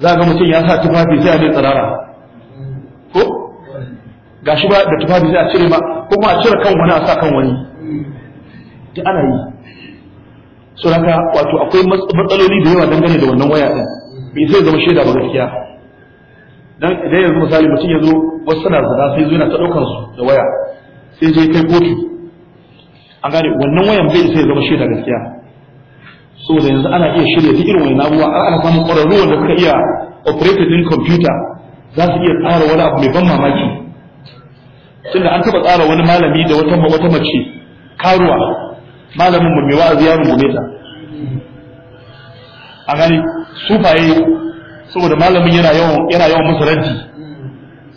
A: za ga mutum ya sa tufafi sai a mai tsirara ko gashi ba da tufafi sai a cire ma kuma a cire kan wani a sa kan wani duk ana yi saboda wato akwai matsaloli da yawa dangane da wannan waya din bai zai zama shaida ba gaskiya dan idan yanzu misali mutum ya zo wasu suna zina sai zo yana ta ɗaukar su da waya sai je kai kotu an gane wannan wayan bai sai ya zama shaida gaskiya saboda yanzu ana iya shirya duk irin wani abubuwa ana samun ƙwararru wanda suka iya operated din computer za su iya tsara wani abu mai ban mamaki tunda an taɓa tsara wani malami da wata wata mace karuwa malamin mu mai wa'azi ya rungume ta a gani sufaye saboda malamin yana yawan yana yawan musu raddi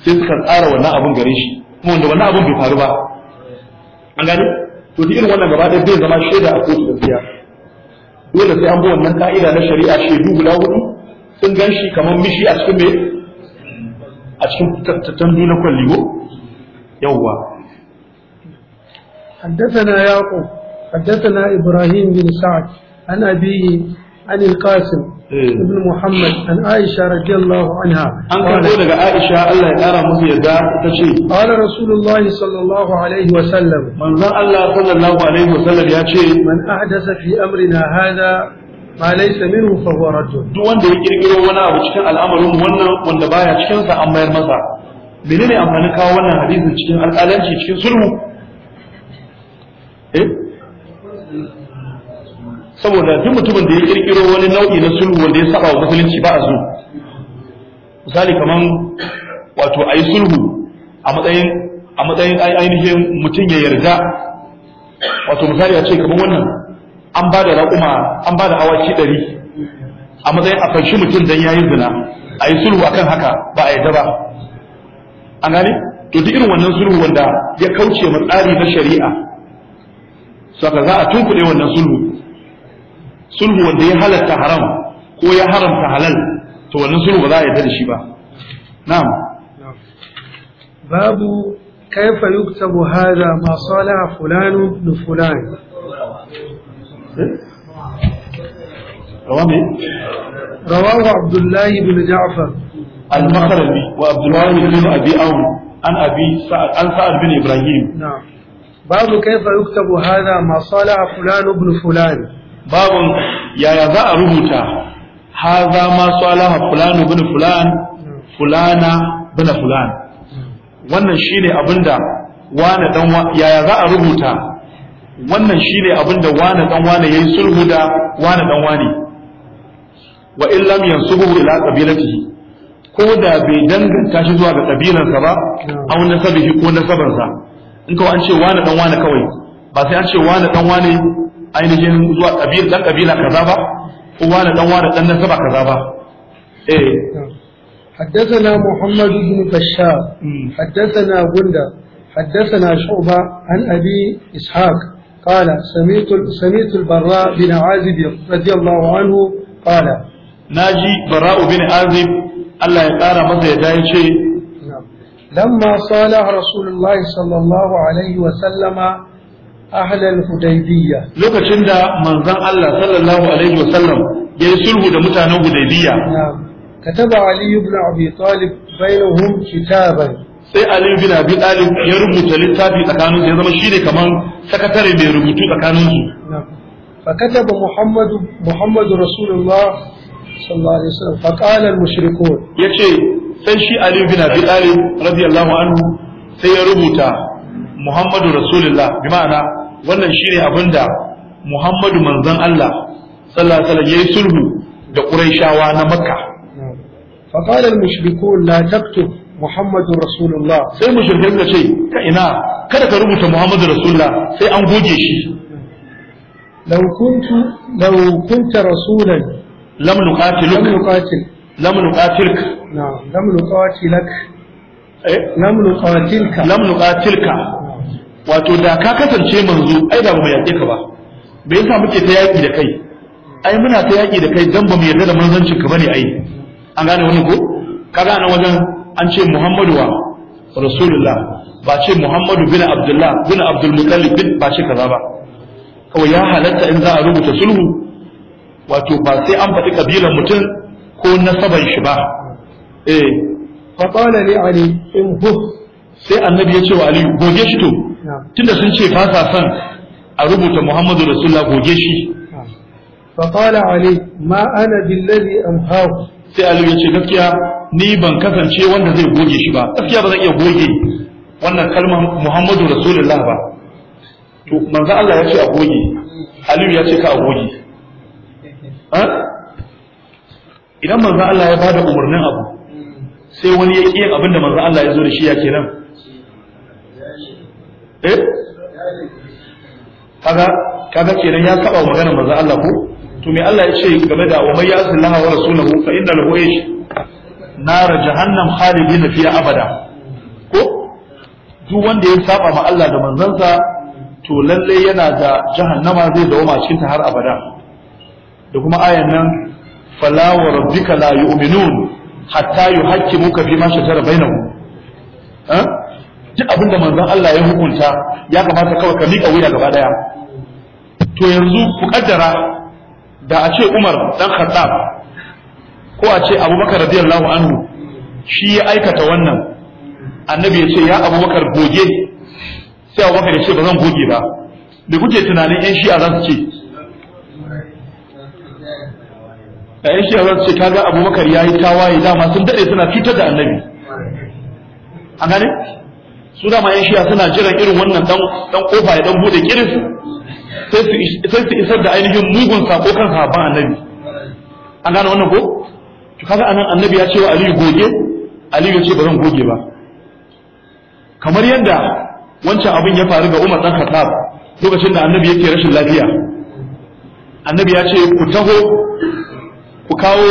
A: sai suka tsara wannan abun gare shi kuma wanda wannan abun bai faru ba an gane to duk irin wannan gaba ɗaya zai zama shaida a kotu gaskiya dole sai an bi wannan ka'ida na shari'a shaidu guda hudu sun gan shi kamar mishi a cikin me a cikin tattandu na kwalligo yawwa حدثنا يعقوب حدثنا ابراهيم بن سعد
B: عن ابيه عن القاسم Eh. ibn Muhammad an Aisha radiyallahu anha an karbo daga Aisha Allah ya kara musu yarda ta ce qala
A: rasulullahi sallallahu alaihi wa sallam manzon Allah sallallahu alaihi wa sallam ya ce man ahdasa fi amrina hadha ma laysa minhu fa huwa rajul duk wanda ya kirkiro wani abu cikin al'amarin wannan wanda baya cikin sa an mayar masa menene amfanin kawo wannan hadisin cikin alƙalanci cikin sulhu saboda duk mutumin da ya kirkiro wani nau'i na sulhu wanda ya saba wa musulunci ba a zo misali kaman wato a yi sulhu a matsayin a matsayin ainihin mutum ya yarda wato misali a ce kaman wannan an ba da raƙuma an ba da awaki ɗari a matsayin a fanshi mutum don yayin zina a yi sulhu akan haka ba a yarda ba an gane to duk irin wannan sulhu wanda ya kauce mu tsari na shari'a saka za a tunkuɗe wannan sulhu sulhu wanda ya halatta haram ko ya haramta halal to wannan sulhu ba za a yarda da shi ba na'am babu kaifa yuktabu
B: hadha ma salaha fulanu ibn fulan رواه رواه عبد الله بن جعفر
A: المخرمي وعبد الله بن ابي عون عن ابي سعد عن سعد بن ابراهيم نعم باب كيف يكتب هذا ما صالح فلان ابن فلان babun yaya za a rubuta haza ma alaha fulani bin fulan fulana bin fulan wannan shine abinda wane dan yaya za a rubuta wannan shine abinda wane dan wane yayi sulhu da wane dan wane wa in lam yansubuhu ila qabilatihi ko da bai danganta shi zuwa ga kabilansa ba aw nasabihi ko nasabansa in kawai an ce wane dan wane kawai ba sai an ce wane dan wane ainihin zuwa kabil dan kabila kaza ba uwa da dan wani dan nasaba kaza ba eh حدثنا محمد بن بشار حدثنا غندة حدثنا شعبة عن أبي إسحاق قال سمعت سمعت البراء بن عازب رضي الله عنه قال ناجي براء بن عازب الله يقارى متى يدايشي لما صالح رسول الله صلى الله عليه وسلم ahlal hudaibiya. lokacin da manzon Allah sallallahu alaihi wasallam ya yi sulhu da mutanen hudaybiyya kataba ali ibn abi talib bainahum kitaban sai ali bin abi talib ya rubuta littafi tsakanin ya zama shine kaman sakatare mai rubutu tsakanin su فكتب محمد محمد رسول الله صلى الله عليه وسلم فقال المشركون يكشي سيشي علي بن ابي طالب رضي الله عنه سيربط محمد رسول الله بمعنى wannan shine abin da Muhammadu manzon Allah sallallahu alaihi wasallam yayi sulhu da Qurayshawa na Makka fa qala al mushrikun la taktub Muhammadur Rasulullah sai mushrikai ka ce ka ina kada ka rubuta Muhammadu Rasulullah sai an goge shi لو كنت لو كنت رسولا لم نقاتلك لم نقاتل لم نقاتلك نعم لم wato da ka kasance manzo ai da mu yaƙe ka ba me yasa muke ta yaƙi da kai ai muna ta yaƙi da kai dan ba mu yarda da manzancin ka bane ai an gane wani ko kaga nan wajen an ce Muhammadu wa Rasulullah ba ce Muhammadu bin Abdullah bin Abdul Muttalib bin ba ce kaza ba kawai ya halatta in za a rubuta sulhu wato ba sai an faɗi kabilan mutum ko nasaban shi ba eh fa qala li ali in sai annabi ya ce wa ali goge shi to tunda sun ce ba sa son a rubuta Muhammadu Rasulullah goge shi فقال Ali. ما انا بالذي امحاه sai Ali ya ce gaskiya ni ban kasance wanda zai goge shi ba gaskiya ba zan iya goge wannan kalmar Muhammadu Rasulullah ba to manzo Allah ya ce a goge Ali ya ce ka a goge idan manzo Allah ya bada umarnin abu sai wani ya ƙi abin da manzo Allah ya zo da shi ya kenan eh kaga kaga kenan ya saba magana manzo Allah ko to me Allah ya ce game da wa may yasillaha wa rasulahu fa inna lahu ish nar jahannam khalidina fiha abada ko duk wanda ya saba ma Allah da manzansa to lalle yana da jahannama zai dawoma cikin ta har abada da kuma ayan nan fala wa rabbika la yu'minun hatta yuhaqqimuka fi ma shajara bainahum eh duk abin da manzon Allah ya hukunta ya kamata kawai ka miƙa wuya gaba daya to yanzu ku kaddara da a ce Umar dan Khattab ko a ce Abubakar radiyallahu anhu shi ya aikata wannan annabi ya ce ya Abubakar goge sai Abubakar ya ce ba zan goge ba da kuke tunanin yan shi'a za su ce da yan shi'a za su ce kaga Abubakar yayi tawaye dama sun dade suna fitar da annabi an gane su dama yan shiya suna jiran irin wannan dan dan kofa ya dan bude kirin su sai su isar da ainihin mugun sako kan sahabban annabi an gane wannan ko to kaga anan annabi ya ce wa aliyu goge aliyu ya ce ba zan goge ba kamar yadda wancan abin ya faru ga Umar dan Khattab lokacin da annabi yake rashin lafiya annabi ya ce ku taho ku kawo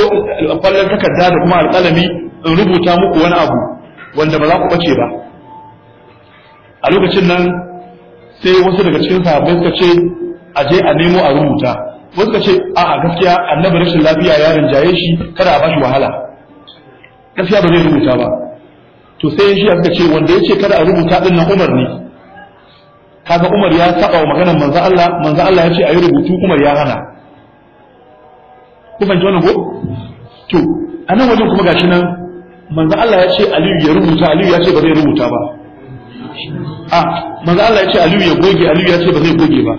A: kwallon takarda da kuma alƙalami in rubuta muku wani abu wanda ba za ku bace ba a lokacin nan sai wasu daga cikin sahabbai suka ce a je a nemo a rubuta wasu suka ce a a gaskiya annabi rashin lafiya ya rinjaye shi kada a bashi wahala gaskiya ba zai rubuta ba to sai shi suka ce wanda yace kada a rubuta din nan Umar ne kaga Umar ya saba wa maganar manzo Allah manzo Allah ya ce ayi rubutu Umar ya hana kuma jona go to a nan wajen kuma gashi nan manzo Allah ya ce Aliyu ya rubuta Aliyu ya ce ba zai rubuta ba a maza Allah ya ce Aliyu ya goge Aliyu ya ce ba zai goge ba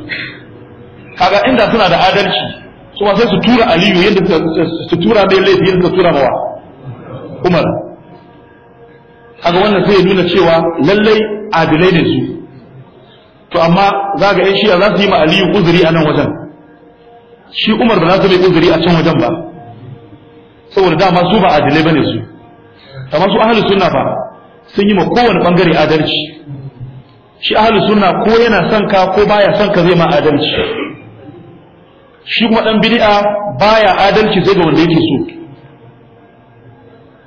A: kaga inda suna da adalci su sai su tura Aliyu yadda su tura mai laifi yadda su tura mawa Umar kaga wannan sai ya nuna cewa lallai adilai ne su to amma za ga yan shiya za su yi ma Aliyu uzuri a nan wajen shi Umar ba za su mai uzuri a can wajen ba saboda dama su ba adilai bane su amma su ahli sunna ba sun yi ma kowane bangare adalci shi ahli sunna ko yana son ka ko baya son ka zai ma adalci shi kuma dan bid'a baya adalci zai ga wanda yake so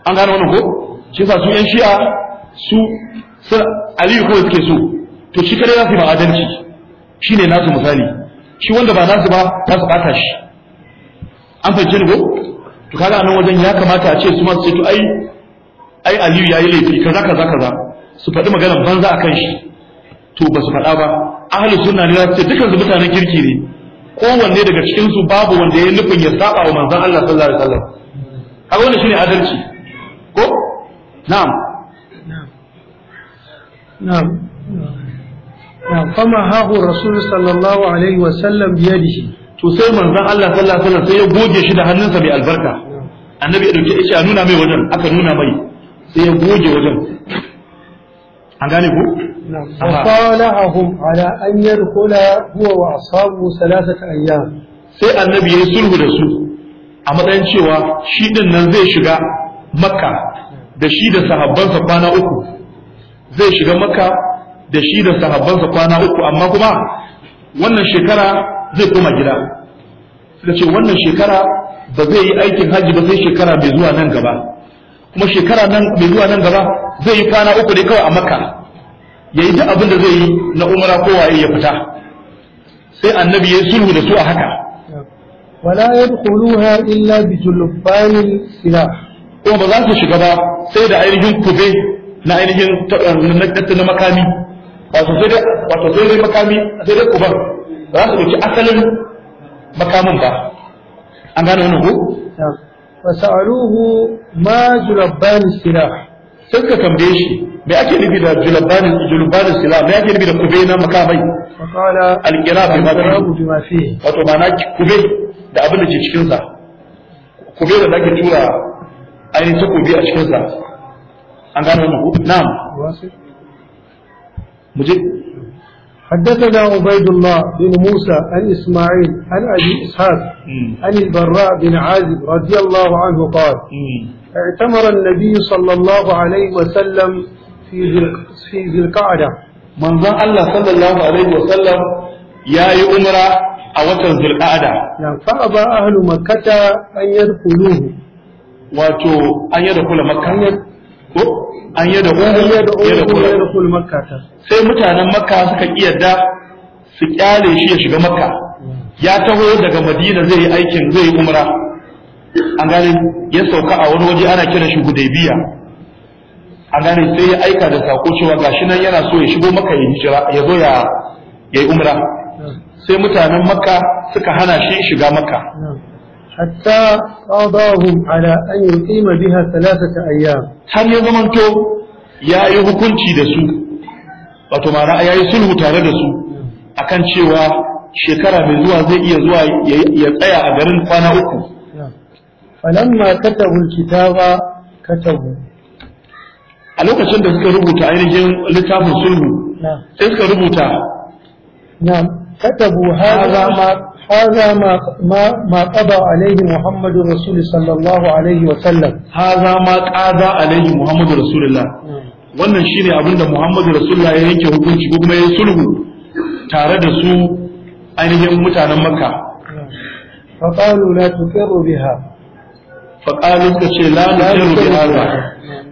A: an gane wannan ko shi yasa su yan shi'a su sun aliyu ko suke so to shi kare za su yi ma adalci shine nasu misali shi wanda ba nasu ba za su bata shi an fahimci ne ko to kaga nan wajen ya kamata a ce su ma su ce to ai ai aliyu yayi laifi kaza kaza kaza su faɗi maganar banza akan shi to ba su faɗa ba Ahli sunna ne za ce dukkan su mutanen kirki ne kowanne daga cikin su babu wanda ya nufin ya saba wa manzon Allah sallallahu alaihi wasallam kaga wannan shine adalci ko na'am na'am na'am fama hahu rasul sallallahu alaihi wasallam biyadihi to sai manzon Allah sallallahu alaihi wasallam sai ya goge shi da hannunsa mai albarka annabi ya dauke shi a nuna mai wajen aka nuna mai sai ya goge wajen an gane ko نعم على أن يدخل هو وأصحابه ثلاثة أيام sai annabi ya yi sulhu da su
B: a matsayin cewa shi din nan zai shiga
A: makka da shi da sahabbansa kwana uku zai shiga makka da shi da sahabbansa kwana uku amma kuma wannan shekara zai koma gida suka wannan shekara ba zai yi aikin hajji ba sai shekara mai zuwa nan gaba kuma shekara nan mai zuwa nan gaba zai yi kwana uku ne kawai a makka ya yi duk abin da zai yi na umara ko waye ya fita sai annabi ya sulhu da su a haka wala yadkhuluha illa bi julfanil silah ko ba za su shiga ba sai da ainihin kube na ainihin eh, na makami wato sai dai wato sai dai makami sai dai kuban ba za su dauki asalin makamin ba an gane wannan ko fa sa'aluhu ma julfanil silah sai suka tambaye shi me ake nufi da julubanin julbanin sila me ake nufi da kube na makamai faqala alqirab bima fi wato ma'ana kube da abin da ke cikinsa kube da zaka tura ainihin takobi a cikinsa an gano wannan ku na'am muje حدثنا عبيد الله بن موسى عن اسماعيل عن ابي اسحاق عن البراء بن عازب رضي الله عنه قال اعتمر النبي صلى الله عليه وسلم في في ذي القعدة من ذا الله صلى الله عليه وسلم يا أمرا أوتر ذي القعدة نعم فأبى أهل مكة أن يدخلوه واتو أن يدخل مكة an يدخل da yadda makka sai mutanen makka suka kiyarda su kyale shi ya shiga makka ya taho daga madina zai yi aikin zai yi umra an gane ya sauka a wani waje ana kira shi hudaybiya an gane sai ya aika da sako cewa gashi nan yana so ya shigo maka ya hijira ya zo ya yi umra sai mutanen makka suka hana shi shiga makka hatta qadahum ala an yuqima biha thalathata ayyam har ya zamanto ya yi hukunci da su wato ma'ana ya yi sulhu tare da su akan cewa shekara mai zuwa zai iya zuwa ya tsaya a garin kwana uku falamma katabu kitaba katabu a lokacin da suka rubuta ainihin littafin sulhu sai suka rubuta na'am katabu hadha ma هذا ما ما ما قضى عليه محمد رسول صلى الله عليه وسلم هذا ما قضى عليه محمد رسول wannan shine abinda Muhammadu Rasulullah ya yanke hukunci ko kuma ya sulhu tare da su ainihin mutanen Makka fa qalu la tuqirru biha faƙalin ka ce la nusiru bi hada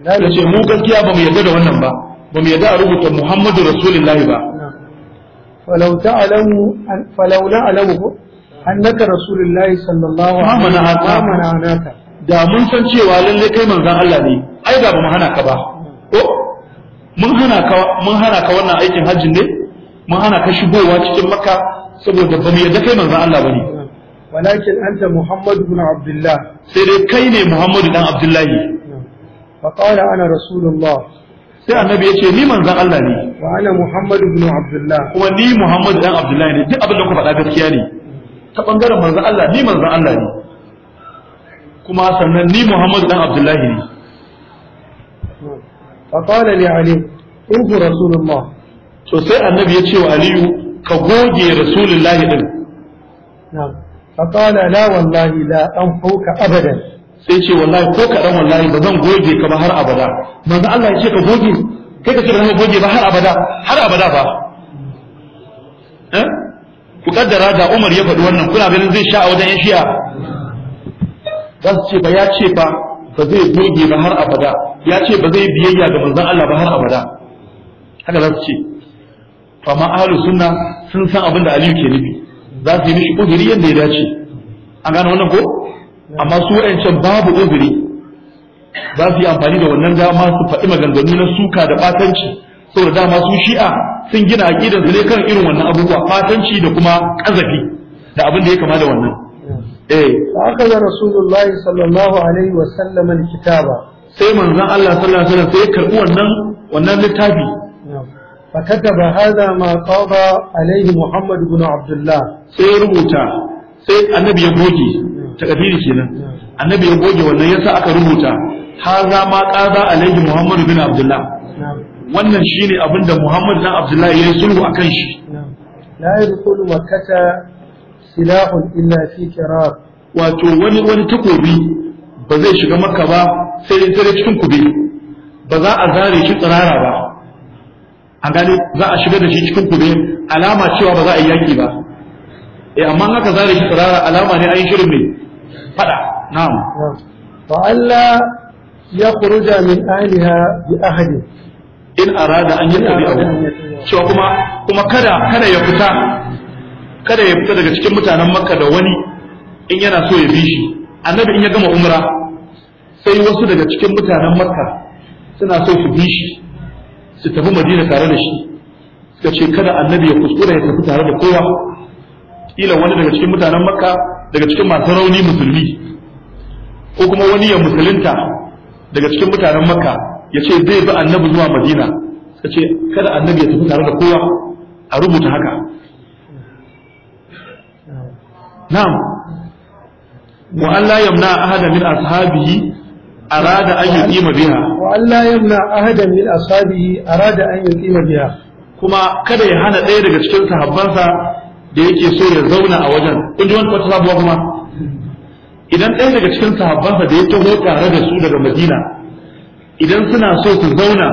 A: ka ce mu gaskiya ba mu yarda da wannan ba ba mu yarda a rubuta muhammadu rasulullahi ba falau ta'lamu falau la'lamu annaka rasulullahi sallallahu alaihi wa sallam da mun san cewa lalle kai manzon Allah ne ai da ba mu hana ka ba ko mun hana ka mun hana ka wannan aikin hajjin ne mun hana ka shigowa cikin makka saboda ba mu yarda kai manzon Allah bane walakin anta Muhammad ibn Abdullah sai dai kai ne Muhammad dan Abdullahi fa qala ana rasulullah sai annabi ce ni manzon Allah ne wa ana Muhammad ibn Abdullah kuma ni Muhammad dan Abdullahi ne duk abin da ku faɗa gaskiya ne ta bangaren manzon Allah ni manzon Allah ne kuma sannan ni Muhammad dan Abdullahi ne fa qala li Ali in rasulullah to sai annabi ya ce wa Aliyu ka goge rasulullahi din
B: na'am فقال
A: لا والله لا أنفوك أبدا sai ce wallahi ko kaɗan wallahi ba zan goge ka ba har abada manzo Allah ya ce ka goge kai ka ce ba zan goge ba har abada har abada ba eh? ku kaddara da Umar ya faɗi wannan kuna ganin zai sha a wajen yan shi'a za su ce ba ya ce ba ba zai goge ba har abada ya ce ba zai biyayya ga manzon Allah ba har abada haka za su ce fa ma ahlus sunna sun san abin da Aliyu ke nufi za su yi mishi uzuri yadda ya dace an gane wannan ko amma su wa'ancan babu uzuri za su yi amfani da wannan dama su faɗi maganganu na suka da ɓatanci saboda dama su shi'a sun gina aƙidar su ne kan irin wannan abubuwa ɓatanci da kuma ƙazafi da abin da ya kama da wannan eh aka ga rasulullahi sallallahu alaihi wa sallam alkitaba sai manzon Allah sallallahu alaihi sallam sai ya karbi wannan wannan littafi فكتب هذا ما قضى عليه محمد بن عبد الله sai rubuta sai annabi ya goge takabiri kenan annabi ya goge wannan yasa aka rubuta haza ma qada alaihi muhammad bin abdullah wannan shine abinda muhammad bin abdullah ya sulhu akan shi la yadkhulu makkata silahun illa fi wato wani takobi ba zai shiga maka ba sai dai cikin kube ba za a zare shi tsirara ba an gane za a shiga da shi cikin kube alama cewa ba za a yi yaki ba eh amma haka zare shi tsirara alama ne an shirin ne fada na'am fa Allah ya khuruja min aliha bi ahadi in arada an yi tabi'ahu cewa kuma kuma kada kada ya fita kada ya fita daga cikin mutanen makka da wani in yana so ya bi shi annabi in ya gama umra sai wasu daga cikin mutanen makka suna so su bi shi su tafi madina tare da shi suka ce kada annabi ya kuskura ya tafi tare da kowa kila wani daga cikin mutanen makka daga cikin masu rauni musulmi ko kuma wani ya musulunta daga cikin mutanen makka ya ce zai bi annabi zuwa madina suka ce kada annabi ya tafi tare da kowa a rubuta haka na'am wa allah yamna ahada min ashabihi أراد أن يقيم بها وأن لا يمنع أحدا من أصحابه أراد أن يقيم بها كما كده يهانا دير جتشل تهبانسا ديكي سوريا زونا أوجن كنجوان فتلا بوغما idan ɗaya daga cikin sahabbansa da ya taho tare da su daga madina idan suna so su zauna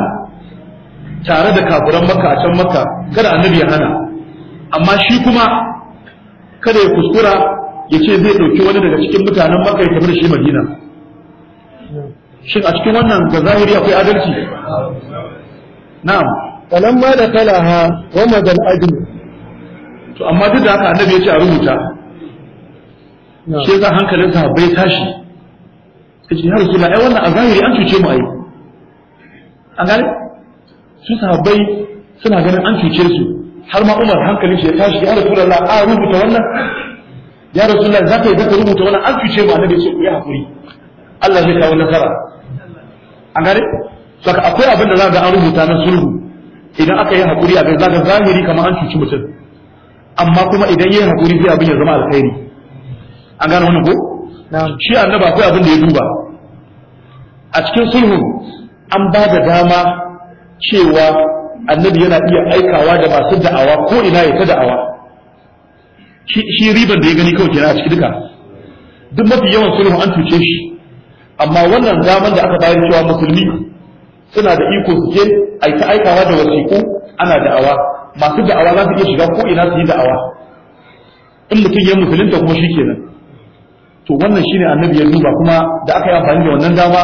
A: tare da kafuran maka a can maka kada annabi ya hana amma shi kuma kada ya kuskura ya ce zai ɗauki wani daga cikin mutanen maka ya tafi da shi madina shin a cikin wannan ga zahiri akwai adalci na'am falan ma da talaha wa madal ajlu to amma duk da haka annabi ya ce a rubuta shi za hankalin bai tashi ce ya rasulullah ai wannan a zahiri an cuce mu ai an gane su sahabbai suna ganin an cuce su har ma Umar hankalin shi ya tashi ya rasulullah a rubuta wannan ya rasulullah zaka yi zaka rubuta wannan an cuce mu annabi ya ce ku yi hakuri Allah zai kawo nasara an gane saka akwai abin da za ga an rubuta na sulhu idan aka yi hakuri a gaza, ga zahiri kamar an cuci mutum amma kuma idan yayi hakuri sai abin ya zama alkhairi an gane wannan ko shi annaba akwai abin da ya duba a cikin sulhu an ba da dama cewa annabi yana iya aikawa da masu da'awa ko ina ya ta da'awa shi riban da ya gani kawai kenan a cikin duka duk mafi yawan sulhu an cuce shi amma wannan daman da aka bayar cewa musulmi suna da iko su je aika aikawa da wasiƙu ana da'awa masu da'awa za su iya shiga ko ina su yi da'awa in mutum ya musulunta kuma shi kenan to wannan shine annabi ya duba kuma da aka yi amfani da wannan dama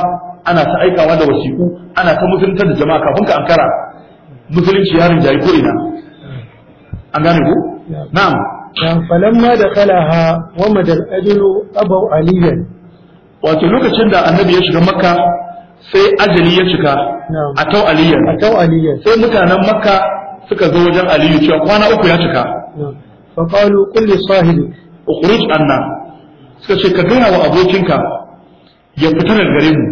A: ana ta aikawa da wasiƙu ana ta musulunta da jama'a kafin ka ankara musulunci ya rinjayi ko ina an gane ku na'am falamma da kalaha wa madal ajlu wato lokacin da annabi ya shiga makka sai ajali ya cika a tau aliyar sai mutanen makka suka zo wajen aliyu cewa kwana uku ya cika faƙalu kulli sahibi ukhruj anna suka ce ka gaya wa abokinka ya fita daga gare mu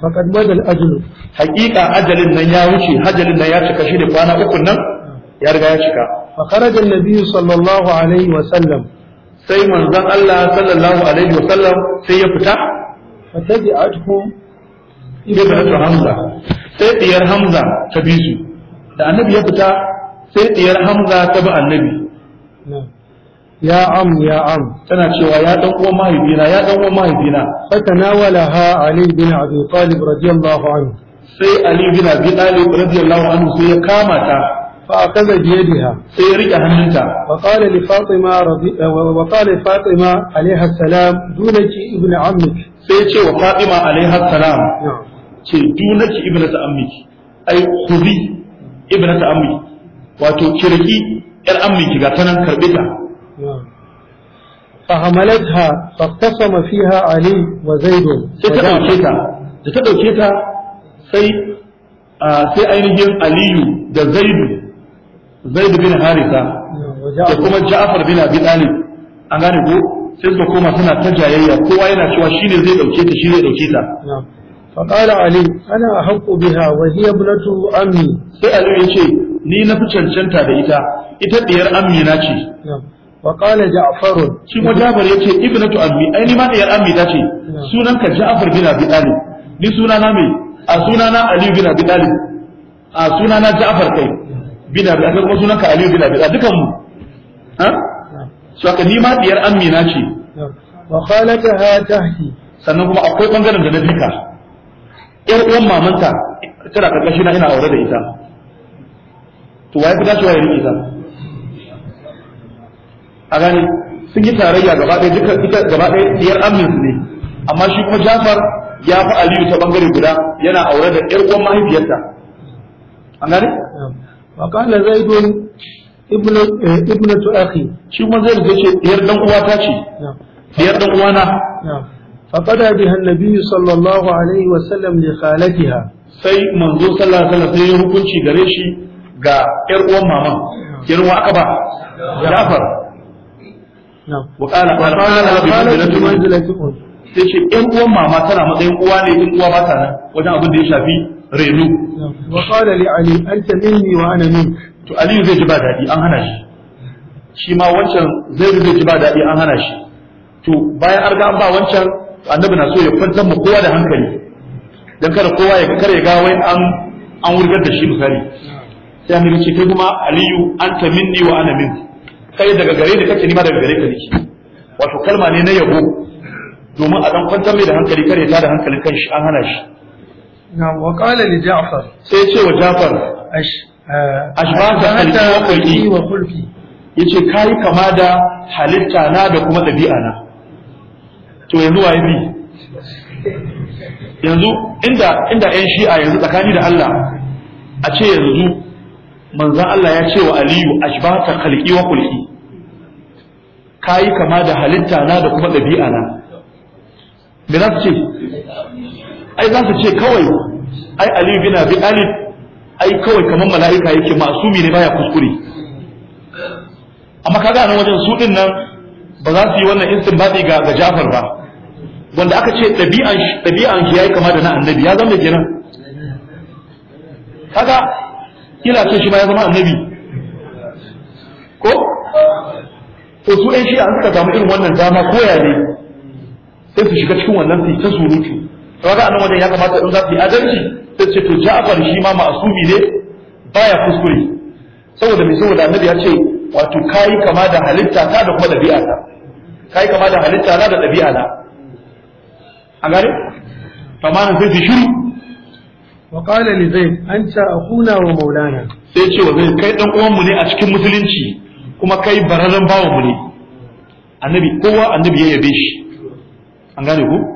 A: faqad badal ajlu haqiqa ajalin nan ya wuce ajalin nan ya cika shi da kwana uku nan ya riga ya cika fa kharaja an-nabi sallallahu alaihi wa sallam sai manzon Allah sallallahu alaihi wa sallam sai ya fita wadda a hamza sai diyar hamza ta bi su da annabi ya fita sai diyar hamza ta bi annabi ya am ya am tana cewa ya dan uwan mahaifina ya dan uwan mahaifina fatanawalaha ali bin abi talib radiyallahu anhu sai ali bin abi talib radiyallahu anhu sai ya kama ta فأخذ بيدها سيرك هننتا وقال لفاطمة رضي وقال فاطمة عليها السلام دونك ابن عمك سيتي وفاطمة عليها السلام نعم دونك ابنة عمك أي خذي ابنة عمك واتو كركي ال عمك غتنا كربتا نعم فحملتها فاقتصم فيها علي وزيد ستدوكيتا ستدوكيتا سي آه سي أينجين علي da zaidu Zai zaid bin harisa da kuma ja'afar ja'far bin abi talib an gane ko sai suka koma suna ta jayayya kowa yana cewa ne zai dauke ta shi zai dauke ta فقال علي انا احق بها وهي ابنه امي sai ali ce ni na fi cancanta da ita ita diyar ammi na ce وقال جعفر shi kuma Jabir yace ibnatu ammi ai ni ma diyar ammi ta ce sunanka Ja'far bin Abi Talib ni sunana me a sunana Ali bin Abi Talib a sunana Ja'far kai bina da kai kuma sunanka aliyu bina da dukan mu ha so ka nima ma amina ce wa ha tahti sannan kuma akwai bangaren da na bika yar uwan mamanta tana karkashi na ina aure da ita to waye kuma cewa ya rike ta a gani. sun yi tarayya gaba ɗaya duka ita gaba ɗaya biyar amin ne amma shi kuma Jafar ya fi Aliyu ta bangare guda yana aure da ƴar uwan mahaifiyarta an gani. وقال زيد ابن ابنة أخي شو ما زيد يردن قواتاتي يردن قوانا فقضى بها النبي صلى الله عليه وسلم لخالتها sai manzo sallallahu alaihi wasallam sai ya hukunci gare shi ga ƴar uwan maman ƴar uwa aka ba Jafar wa qala ce ƴan uwan mama tana matsayin uwa ne in uwa ba ta wajen abin da ya shafi reno wa qala li ali anta minni wa ana mink to ali zai ji ba dadi an hana shi shi ma wancan zai zai ji ba dadi an hana shi to bayan an an ba wancan annabi na so ya kwantar mu kowa da hankali dan kada kowa ya kare ga wai an an wurgar da shi misali sai annabi ce kai kuma aliyu anta minni wa ana mink kai daga gare ni kake ni ma daga gare ka ne wato kalma ne na yabo domin a dan kwantar mai da hankali kare ta da hankalin kan shi an hana shi
B: نعم وقال
A: لجعفر سيتي وجعفر
B: أش أشباه خلقي
A: وخلقي da kuma ɗabi'a na yanzu inda ƴan shi'a yanzu tsakani da Allah a ce yanzu manzon Allah ya ce wa Aliyu ashbata khalqi wa khulqi kai kama da halitta na da kuma ɗabi'a na me ce ai za su ce kawai ai ali bin abi ali ai kawai kamar mala'ika yake masumi ne baya kuskure amma kaga nan wajen su din nan ba za su yi wannan istinbadi ga ga Jafar ba wanda aka ce dabi'an dabi'an shi yayi kama da na annabi ya zama kenan kaga kila ce shi ma ya zama annabi ko ko su ɗan shi an suka samu irin wannan dama koya ne sai su shiga cikin wannan su ta surutu to ga anan wajen ya kamata in za su yi adalci sai ce to Ja'far shi ma ma'asumi ne baya kuskure saboda mai saboda annabi ya ce wato kai kama da halitta ta da kuma dabi'a ta kai kama da halitta na da dabi'a na an gane to ma sai su shiru wa qala li zaid anta akuna wa maulana sai ce wa zaid kai dan uwan mu ne a cikin musulunci kuma kai bararren bawan mu ne annabi kowa annabi ya yabe shi an gane ku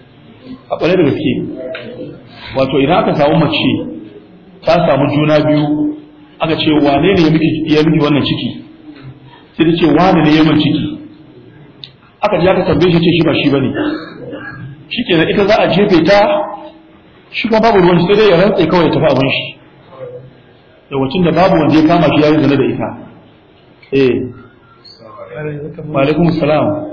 A: a ɓare da gaske wato idan aka samu mace ta samu juna biyu aka ce wane ne ya miki wannan ciki sai ta ce wane ne ya ciki aka ji aka tambaye shi ce shi ba shi bane shikenan ita za a jefe ta shi kuma babu ruwan sai dai ya rantse kawai ya tafi abin shi da wacin da babu wanda ya kama shi ya yi zane da ita eh
B: wa alaikum salam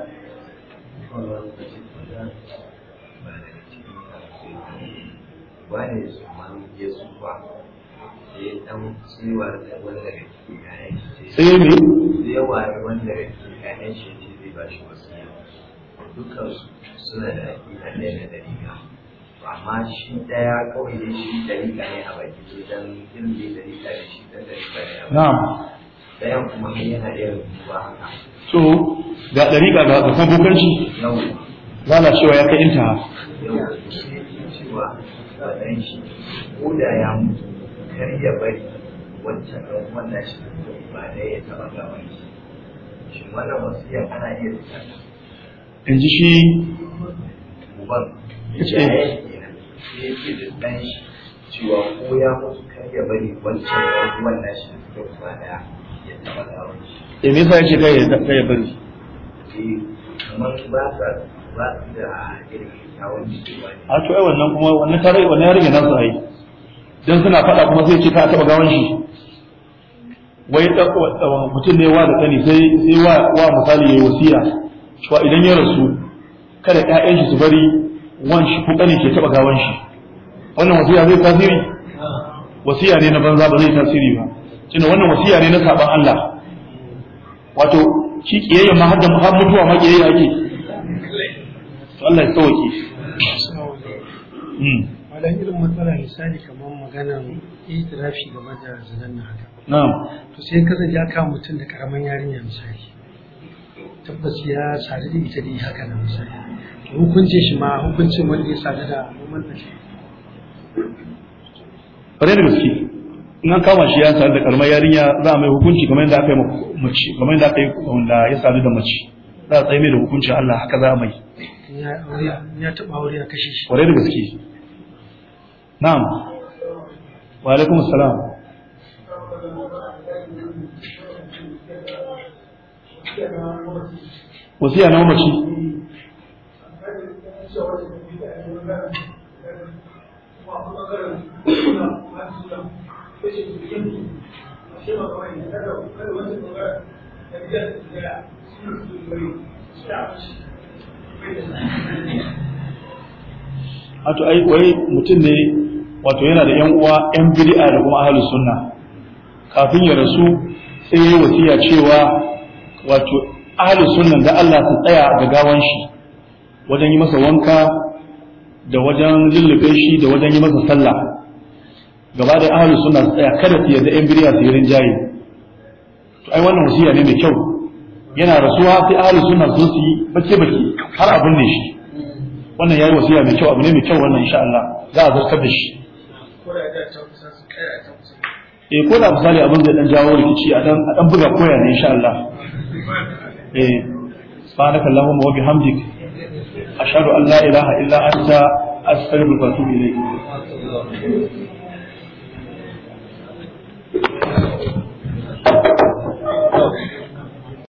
B: wane su
A: ya tsufa sai dan tsiwar da wanda daga cikin yayan shi sai ne sai yawa da wanda daga cikin yayan shi ne zai ba shi wasu dukkan suna da aƙida ɗaya na dariƙa amma shi ɗaya kawai dai shi dariƙa ne a baki sai dan ilmi dariƙa ne shi dan dariƙa ne a baki ɗayan
B: kuma yana da yawan ruwa haka
A: so ga dariƙa ga kuma bukanci lalacewa ya kai intaha
B: yau cewa wa ɗan shi ko
A: da ya mutu kar ya bari
B: wancan ɗan shi ba da ya taɓa gaban shi shi ana iya tsaka
A: in ji shi uban ya ce da ɗan shi cewa ko ya mutu kar ya bari wancan ɗan shi ba da ya taɓa gaban shi. Eh, me ya ce kai ya bari? Eh, kamar ba sa
B: a to ai wannan kuma wannan tare wannan ya rage nasu ai dan suna faɗa kuma sai ce ka taba gawan shi
A: wai mutum ne wa da tsani sai sai wa wa misali yayi wasiya cewa idan ya rasu kada ƴaƴan shi su bari wan shi ko kane ke taba gawan shi wannan wasiya zai tasiri wasiya ne na banza ba zai tasiri ba tunda wannan wasiya ne na saban Allah wato shi kiyayya ma har mutuwa ma kiyayya ake to Allah ya sauke
B: shi hmm. malam irin matsala misali kamar maganar itirafi game da zinan na haka na'am
A: to sai kasance ya kama mutum da karaman yarinya misali tabbas ya sadu da ita dai haka na misali to hukuncin shi ma hukuncin wanda ya sadu da wannan shi bare da gaske in an kama shi ya sadu da karamar yarinya za a mai hukunci kamar yadda aka yi mace kamar yadda aka yi wanda ya sadu da mace za a tsaye mai da hukuncin Allah haka za a mai
B: ya taɓa aure ya kashe
A: shi kwarai da gaske na'am wa alaikum salam wato ai wai mutum ne wato yana da yan uwa yan bid'a da kuma ahlus sunna kafin ya rasu sai ya wasiya cewa wato ahlus sunnan da Allah su tsaya ga gawan shi wajen yi masa wanka da wajen lullube shi da wajen yi masa sallah gaba da ahlus sunna su tsaya kada su yarda yan bid'a su yi rinjaye to ai wannan wasiya ne mai kyau yana rasuwa sai ahlus sunna sun su yi bace bace har abin ne shi wannan yayi wasiya mai kyau abu ne mai kyau wannan insha Allah za a zartar da shi
B: eh ko da misali abin zai dan jawo rikici a dan a dan buga koya ne insha Allah
A: eh subhanakallahumma wa bihamdik
B: ashhadu an la ilaha illa anta astaghfiruka wa atubu ilayk Thank you.